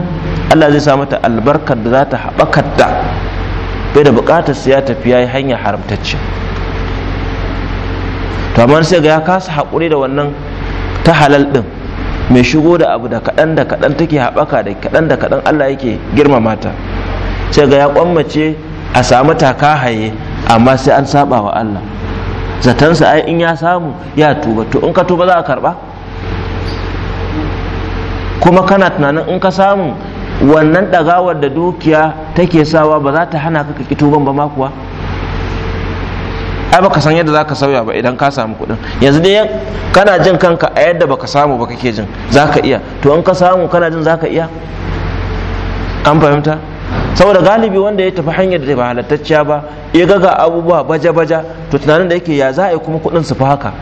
Allah zai samu ta albarkar da za ta haɓakar da bai da bukatar ya tafi ya yi hanyar haramtacce to amma sai ga ya kasa haƙuri da wannan ta halal ɗin mai shigo da abu da kaɗan da kaɗan take haɓaka da kaɗan da kaɗan Allah yake girmama ta sai ga ya kwammace a samu taka haye amma sai an saba wa Allah zatansa ai in ya samu ya tuba to in ka tuba za a karba kuma kana tunanin in ka samu wannan ɗagawar da dukiya take sawa ba za ta hana ka ki tuban ba ma kuwa ai baka san yadda zaka sauya ba idan ka samu kuɗin yanzu dai kana jin kanka a yadda baka samu ba kake jin zaka iya to in ka samu kana jin zaka iya an fahimta saboda galibi wanda ya tafi hanyar da ba halattacciya ba ya gaga abubuwa baja-baja to tunanin da yake ya za a yi kuma kuɗin su fi haka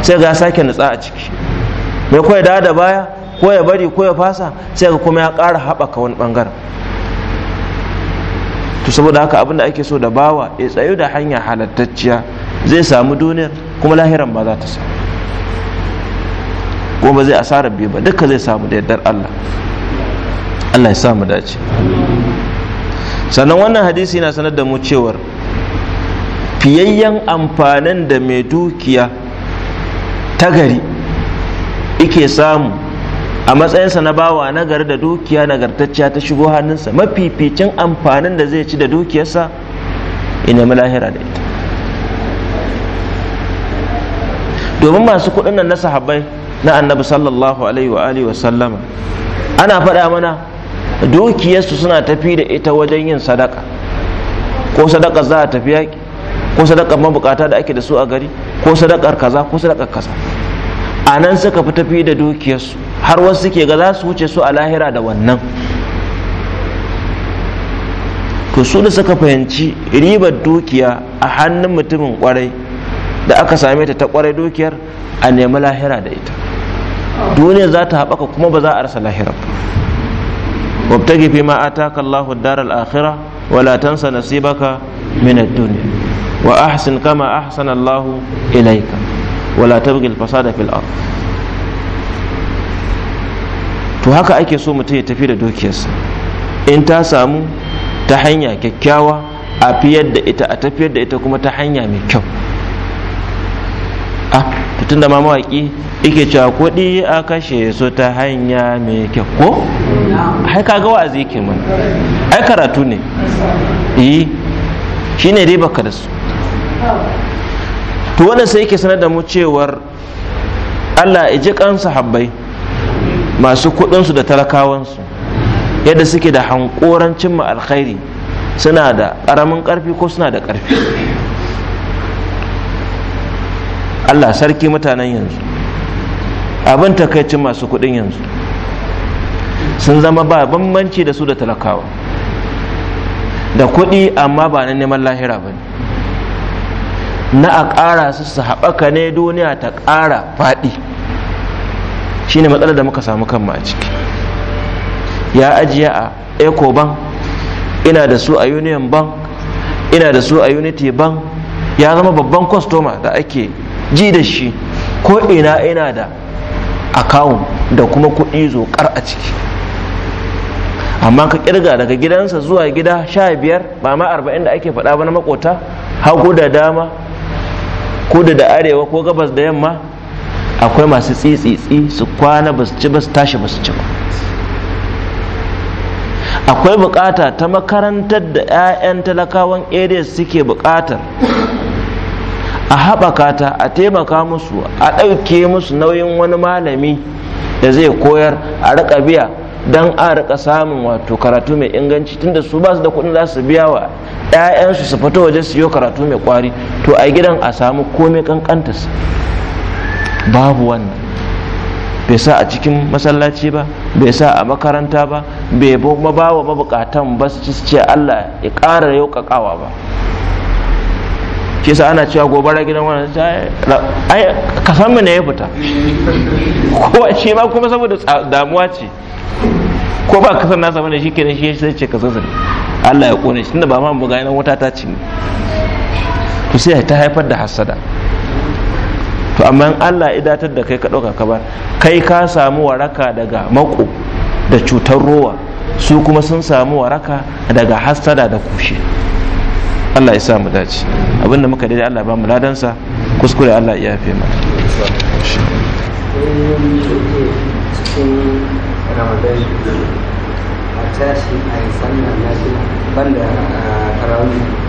sai ga sake nutsa a ciki mai kawai da baya ko ya bari ko ya fasa sai ga kuma ya kara haɓaka wani ɓangaren to saboda haka abin da ake so da bawa ya tsayo da hanya halattacciya zai samu duniyar kuma lahiran ba za ta samu kuma ba zai asarar biyu ba duka zai samu da yardar Allah Allah ya samu dace sannan wannan hadisi yana sanar da mu cewar fiyayyen amfanin da mai dukiya ta gari ike samu a matsayinsa na bawa nagari da dukiya nagartacciya ta shigo hannunsa mafificin amfanin da zai ci da dukiyarsa in lahira da ita domin masu kuɗin nan na sahabbai na annabi sallallahu alaihi wa sallama ana faɗa mana dukiyarsu suna tafi da ita wajen yin sadaka ko sadaka za a tafi yaƙi ko sadakar mabukata da ake da su a gari ko sadakar kaza ko sadakar kaza a nan suka fi tafi da dukiyarsu har wasu suke ga za su wuce su a lahira da wannan to su da suka fahimci ribar dukiya a hannun mutumin kwarai da aka same ta ta kwarai dukiyar a nemi lahira da ita duniya za ta haɓaka kuma ba za a rasa lahira ba wabtagi fi ma ataka Allahu daral akhira wala tansa nasibaka min ad-dunya wa ahsin kama ahsana Allahu ilaika, wala tabgil fasada fil ardh to haka ake so mutum ya tafi da dukiyarsa in ta samu ta hanya kyakkyawa a fiyar da ita a tafiyar da ita kuma ta hanya mai kyau a ah, tun da ma ike yake cewa kuɗi a kashe su ta hanya mai kyau ko ai gawa a yake mana ai karatu ne eh, shi ne dai baka da su to wannan sai ke sanar da mu cewar Allah ya ji kan sahabbai masu kuɗinsu da talakawansu yadda suke da hankoran cimma alkhairi suna da ƙaramin ƙarfi ko suna da ƙarfi allah sarki mutanen yanzu abin takaicin masu kuɗin yanzu sun zama ba bambanci da su da talakawa da kuɗi amma ba na neman lahira ba na a ƙara su su haɓaka ne duniya ta ƙara faɗi shine matsalar da muka samu kanmu a ciki ya ajiya a eco bank ina da su a union bank ina da su a unity bank ya zama babban kwastoma da ake ji da shi ko ina ina da akawun da kuma kuɗi zokar a ciki amma ka kirga daga gidansa zuwa gida sha biyar ba ma arba'in da ake faɗa ba na makota hagu da dama kudu da arewa ko gabas da yamma akwai masu tsitsitsi su kwana ba su ci ba su tashi ba su ci ba akwai bukata ta makarantar da 'ya'yan talakawan areas suke bukatar a haɓaka ta a taimaka musu a ɗauke musu nauyin wani malami da zai koyar a riƙa biya don a riƙa samun wato karatu mai inganci tunda su ba su da kuɗin za su biya wa 'ya'yansu su fito waje su yi karatu mai kwari to a gidan a samu komai ƙanƙantarsa babu wannan bai sa a cikin masallaci ba bai sa a makaranta ba bai kuma ba wa mabukatan ba su ci Allah ya ƙara yaukakawa ba Kisa ana cewa gobara gidan wani ai ka mu ne ya fita ko shi ma kuma saboda damuwa ce ko ba kasan nasa bane shi kenan shi sai ce kasan sani Allah ya kone shi tunda ba ma mu ga wuta ta ci to sai ta haifar da hasada to amma in Allah ya datar da kai ka ɗauka ka ba kai ka samu waraka daga mako da cutar rowa su kuma sun samu waraka daga hastada da kushe Allah ya sa mu dace abinda muka daidai Allah ba mu ladansa kuskure Allah ya yafe mana a a yi banda a ah,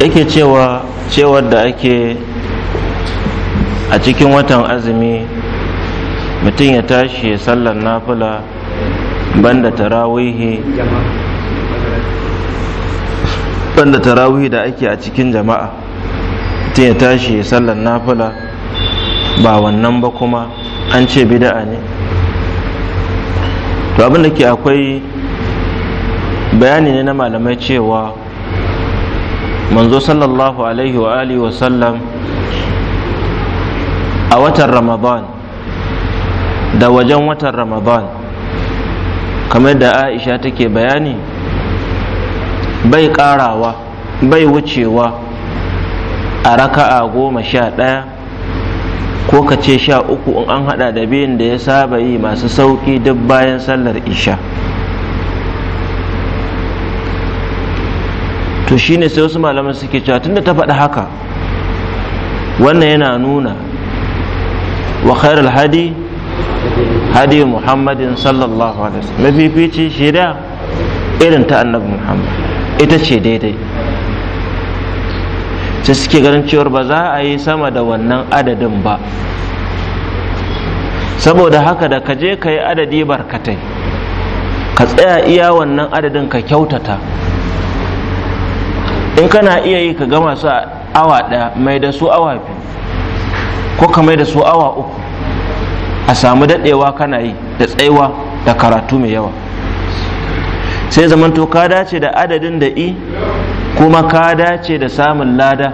yake cewa cewar da ake a cikin watan azumi mutum ya tashi ya sallar nafula, banda tarawihi banda tarawihi da ake a cikin jama'a mutum ya tashi ya sallar nafula, ba wannan ba kuma an ce bida'a ne to abin da ke akwai bayani ne na malamai cewa manzo sallallahu alaihi wa alihi wasallam a watan ramadan da wajen watan ramadan kamar da aisha take bayani bai karawa bai wucewa a raka'a goma sha ɗaya ko ka ce sha uku in an hada da biyun da ya saba yi masu sauki duk bayan sallar isha to shine sai wasu malaman suke cewa tunda ta faɗi haka wannan yana nuna wa khairul hadi hadi muhammadin sallallahu alaihi wasallam mafifici shida irin ta annabi muhammad ita ce daidai sai suke ganin cewar ba za a yi sama da wannan adadin ba saboda haka da ka je ka yi adadi barkatai ka tsaya iya wannan adadin ka kyautata in kana iya yi ka gama su awa ɗaya mai da su awa biyu ko ka mai da su awa uku a samu daɗewa kana yi da tsaiwa da karatu mai yawa sai zamanto ka dace da adadin da i kuma ka dace da samun lada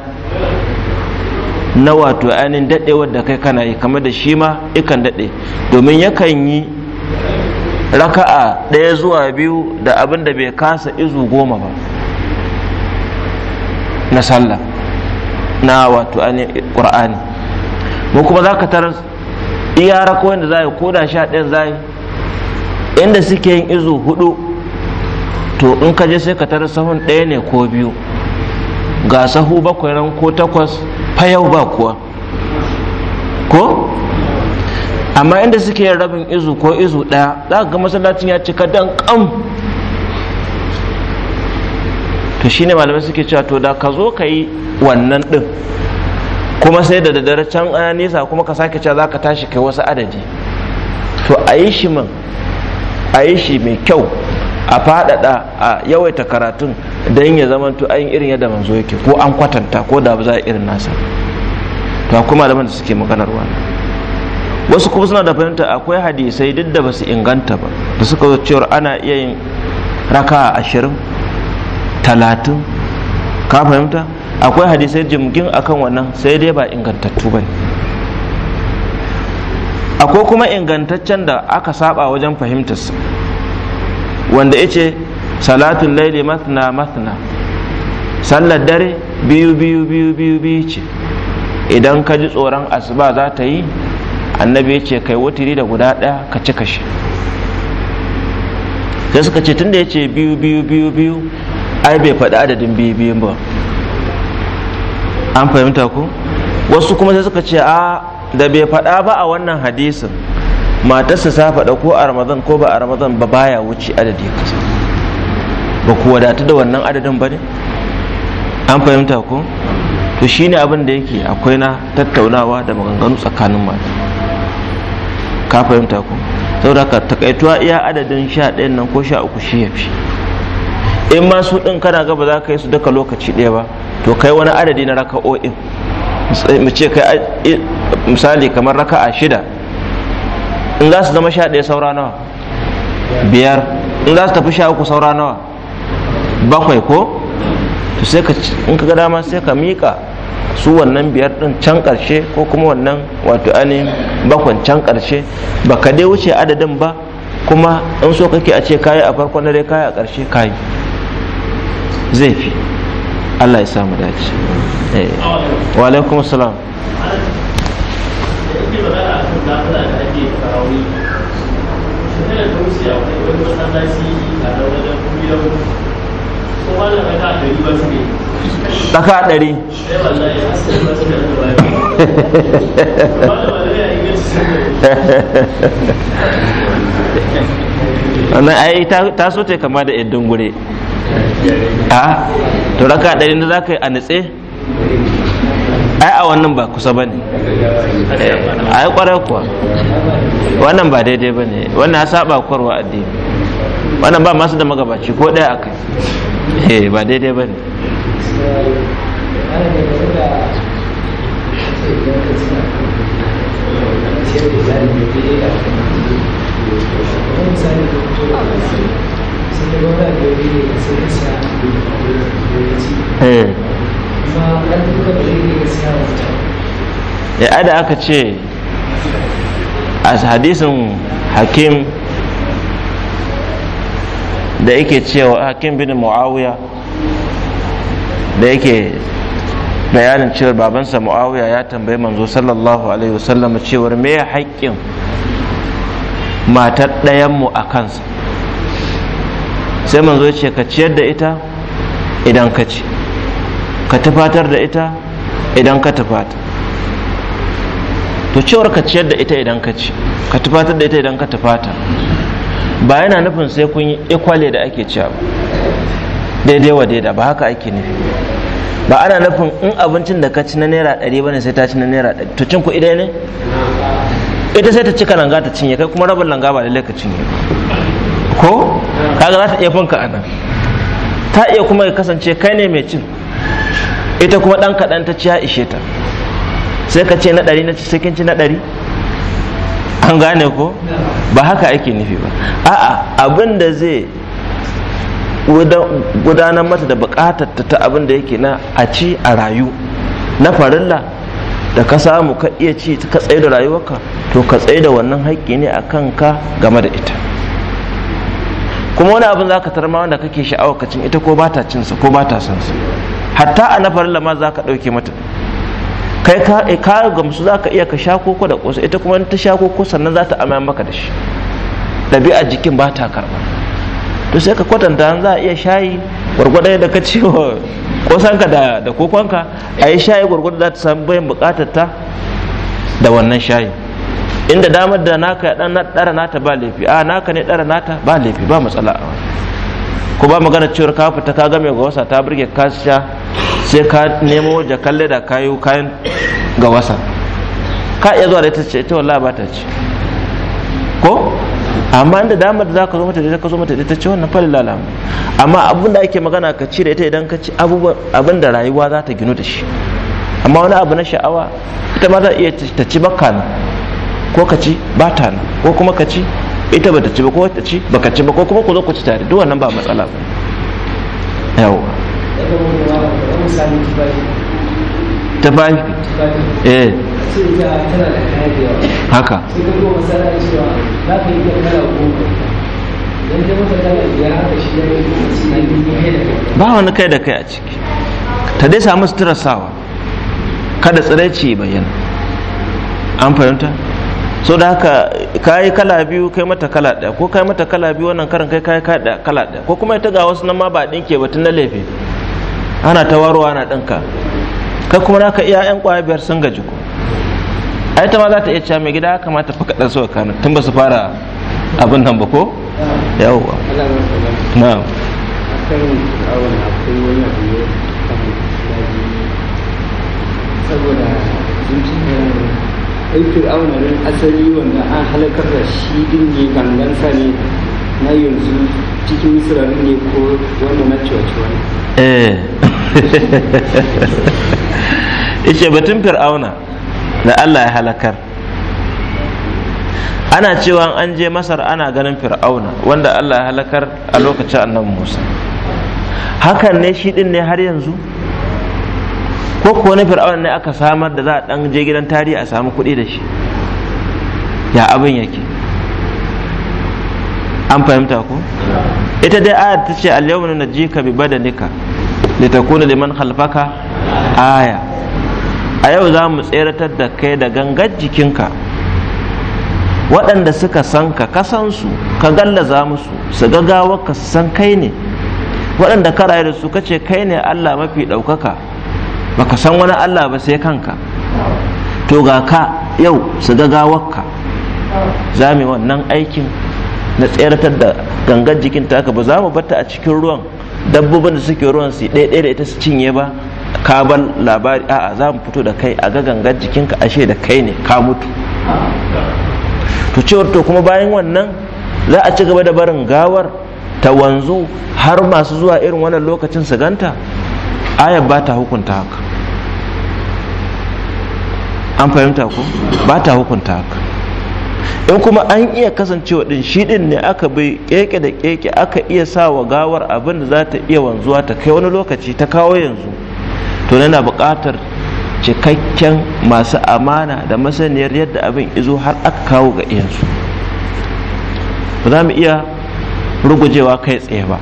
na wato ainihin daɗewar da kai kana yi Kama da shi ma ikan daɗe domin yakan yi raka'a ɗaya zuwa biyu da abin da bai kasa izu goma ba na sallah na wato ainihin ƙur'ani mu kuma za ka tarar iya rako yadda za yi ko da sha ɗaya za yi inda suke yin izu hudu to in ka je sai ka tara sahun ɗaya ne ko biyu ga sahu bakwai ran ko takwas fayau ba kuwa ko amma inda suke yin rabin izu ko izu ɗaya za ga masallacin ya cika dan kam to shine malamai suke cewa to da ka zo ka yi wannan ɗin kuma sai da daddare can ana nisa kuma ka sake cewa za ka tashi kai wasu adadi to a yi shi min a yi shi mai kyau a faɗaɗa a yawaita karatun don ya zama to ayin irin yadda manzo yake ko an kwatanta ko da za a irin nasa to kuma da da suke maganarwa wasu kuma suna da fahimta akwai hadisai duk da basu inganta ba da suka zo cewar ana iya yin raka ashirin talatin ka fahimta akwai hadisai jimgin akan wannan sai dai ba ingantattu ba akwai kuma ingantaccen da aka saba wajen fahimtarsa wanda ce salatun laili mathna mathna sallar dare biyu biyu biyu biyu biyu ce idan ka ji tsoron asuba za ta yi annabi ya ce kai wutiri da guda ɗaya ka ci kashe sai suka ce tunda ya ce biyu biyu biyu biyu ai bai faɗi adadin biyu biyu ba an fahimta ku wasu kuma sai suka ce a da bai faɗa ba a wannan hadisin matarsa ta faɗa ko a ramadan ko ba a ramadan ba baya wuce adadi kusa ba ku wadatu da wannan adadin ba ne an fahimta ko to shine abin da yake akwai na tattaunawa da maganganu tsakanin mata ka fahimta ko saboda ka takaituwa iya adadin sha ɗayan nan ko sha uku shi ya fi in ma su ɗin kana gaba za ka yi su duka lokaci ɗaya ba to kai wani adadi na raka'o'in mu ce kai misali kamar raka'a shida in za su zama sha ɗaya saura nawa biyar in za su tafi sha uku saura nawa bakwai ko to sai ka in ka ga dama sai ka miƙa su wannan biyar ɗin can ƙarshe ko kuma wannan wato ainihin bakwan can ƙarshe ba ka dai wuce adadin ba kuma in so kake a ce kayi a farkon dare kayi a ƙarshe kayi zai fi Allah ya samu dace eh. wa alaikum salam tarawih ta a eh, kama da ah, ɗari na za ka yi a nutse ai a wannan ba kusa ba ne yi eh, kwarar kuwa wannan ba daidai ba ne wannan ya saba kwarwa addini wannan ba masu da magabaci ko ɗaya a kai eh, ba daidai ba ne Eh. ya ada aka ce a hadisin hakim da yake cewa hakim bin muawiya da yake bayanin cewar babansa muawiya ya tambayi manzo sallallahu alaihi wasallam cewar me ya haƙƙin matar ɗayanmu a kansa sai manzo ya ce ka ciyar da ita idan ka ci ka tufatar da ita idan ka tufata to cewar ka ciyar da ita idan ka ci ka tufatar da ita idan ka tufata ba yana nufin sai kun yi ikwale da ake ciya ba daidai wa daida ba haka ake nufi ba ana nufin in abincin da ka ci na naira ɗari ba ne sai ta ci na naira ɗari to cin ku idai ne ita sai ta ci langa ta cinye kai kuma rabin langa ba lallai ka cinye ko kaga za ta iya fanka anan ta iya kuma ya kasance kai ne mai cin ita kuma ɗan kaɗan ta ci ya ishe ta sai ka ce na ɗari na sai kin na ɗari an gane ko ba haka ake nufi ba a'a abin da zai gudanar mata da buƙatar ta ta abin da yake na a ci a rayu na farilla da ka samu ka iya ci ka tsaye da rayuwarka to ka tsaye da wannan haƙƙi ne a ka game da ita kuma wani abin za ka tarma wanda kake sha'awar kacin ita ko ba ta cinsa ko ba ta sansa hatta a na farilla ma za ka ɗauke mata kai ka eh, ga musu za ka iya ka sha koko da ƙusa, ita kuma ta sha koko sannan za ta amaya maka da shi ɗabi'a jikin ba ta karɓa to sai ka kwatanta za a iya shayi gwargwadon da ka ce wa ƙosanka da kokonka a yi shayi gwargwadon za ta samu bayan buƙatar ta da wannan shayi inda damar da naka ɗan ɗara nata ba laifi a naka ne ɗara nata ba laifi ba matsala a wani ko ba magana cewar ka fita ka ga mai wasa ta burge kasha sai ka nemo jakalle da kayo kayan ga wasa ka iya zuwa da ita ce ita wallahi ba ta ce ko amma inda damar da za ka zo mata da ka zo mata da ita ce wannan falin lalama amma abin da ake magana ka ci da ita idan ka ci abin da rayuwa za ta ginu da shi amma wani abu na sha'awa ita ma za iya ta ci baka ko ka ci ba ta ko kuma ka ci ita bata ci ba ko ta ci baka ci ba ko kuma ku zo ku ci tare duk wannan ba matsala ba yawa ta bayi eh haka ba wani kai da kai a ciki ta dai samu sutura sawa kada tsiraici bayyana an fahimta so da haka kayi kala biyu kai mata kala ɗaya ko kai mata kala biyu wannan karin kai kayi kala ɗaya ko kuma ita ga wasu nan ma ba ɗinke ba tun na laifi ana ta warowa ana ɗinka kai kuma naka iya ƴan ƙwaya biyar sun gaji ko ai ta ma za ta iya cewa mai gida ya mata faka kaɗan so kana tun ba su fara abin nan ba ko yawwa na'am ai fir'auna nan asali wanda an halakar da shi din ne gangansa ne na yanzu cikin misirarin ne ko wanda na cewa eh ishe batun fir'auna da Allah ya halakar ana cewa an je masar ana ganin fir'auna wanda Allah ya halakar a lokacin annabi Musa hakan ne shi din ne har yanzu ko kuwa na fir'aun ne aka samar da za a dan je gidan tarihi a samu kuɗi da shi ya abin yake an fahimta ko ita dai ayat ta ce al-yawma najika bi badanika litakuna liman khalfaka aya a yau za mu tseratar da kai da gangar jikinka waɗanda suka san ka su ka gallaza musu su gagawa ka san kai ne waɗanda ka rayu da su kace kai ne Allah mafi ɗaukaka baka san wani Allah ba sai kanka to ga ka yau su ga gawarka za mu wannan aikin na tseratar da gangar jikin taka ba za mu bata a cikin ruwan dabbobin da suke ruwan su ɗaya da ita su cinye ba ka labari a'a za mu fito da kai a ga gangan jikinka ashe da kai ne ka mutu to cewar to kuma bayan wannan za a ci gaba da barin gawar ta wanzu har masu zuwa irin wannan lokacin su ganta Aya ba ta hukunta haka an fahimta ku? ba ta hukunta haka in kuma an iya kasancewa din shi din ne aka bai keke da keke aka iya sa wa gawar abin da za ta iya wanzuwa ta kai wani lokaci ta kawo yanzu to nana buƙatar cikakken masu amana da masaniyar yadda abin izo har aka kawo ga yanzu. ba za mu iya rugujewa kai tsaye ba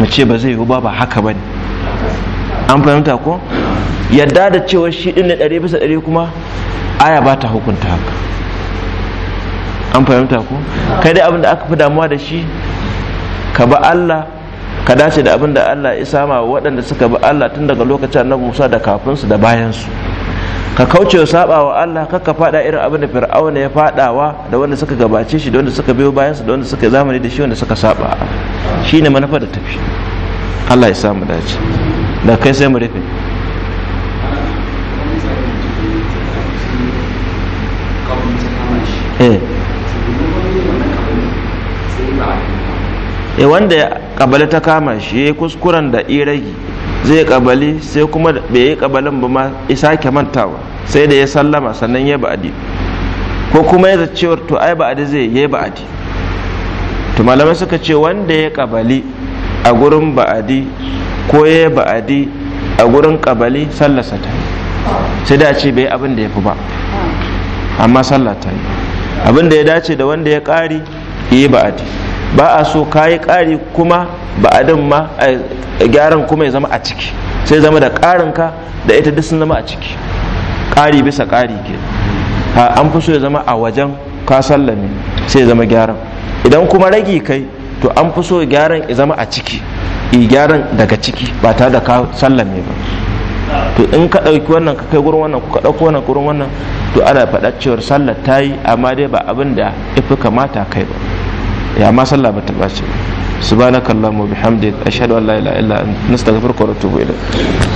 mu ce ba zai yi ba ba haka ba ne an fahimta ko yadda da cewa shi din na ɗari bisa ɗari kuma aya ba ta hukunta haka an fahimta ko kai dai abin da aka fi damuwa da shi ka ba Allah ka dace da abin da Allah ya sama wa waɗanda suka bi Allah tun daga lokacin annabi Musa da su da bayansu ka kauce wa saba wa Allah kar ka fada irin abin da Fir'auna ya fadawa da wanda suka gabace shi da wanda suka biyo bayansu da wanda suka zamani da shi wanda suka saba shine manufar da tafi Allah ya samu dace da kai sai mu rufe eh. eh wanda ya kabali ta kama shi ya yi kuskuren da iragi zai kabali sai kuma bai yi kabalin ba ma isa ke mantawa sai da ya sallama sannan ya ba'adi ko kuma ya zace to ai ba'adi zai yi ba'adi to malamai suka ce wanda ya kabali a gurin ba'adi ko ya ba'adi a gurin kabali sallasa ta sai da ce bai abin da ya fi ba amma sallah ta yi abin da ya dace da wanda ya ƙari yi ba'adi ba a so ka yi ƙari kuma ba'adin ma gyaran kuma ya zama a ciki sai zama da ƙarinka da ita duk sun zama a ciki ƙari bisa ƙari ke an fi so ya zama a wajen ka sallame sai ya zama gyaran idan kuma ragi kai to an fi so gyaran ya zama a ciki i gyaran daga ciki ba tare da ka sallame ba to in ka ɗauki wannan ka kai gurin wannan ka ɗauko wannan gurin wannan to ana faɗa cewar sallar ta yi amma dai ba abin da ifi kamata kai ba ya ma sallah ba ta ɓace subhanakallahumma bihamdik ashhadu an la ilaha illa anta nastaghfiruka wa natubu ilayk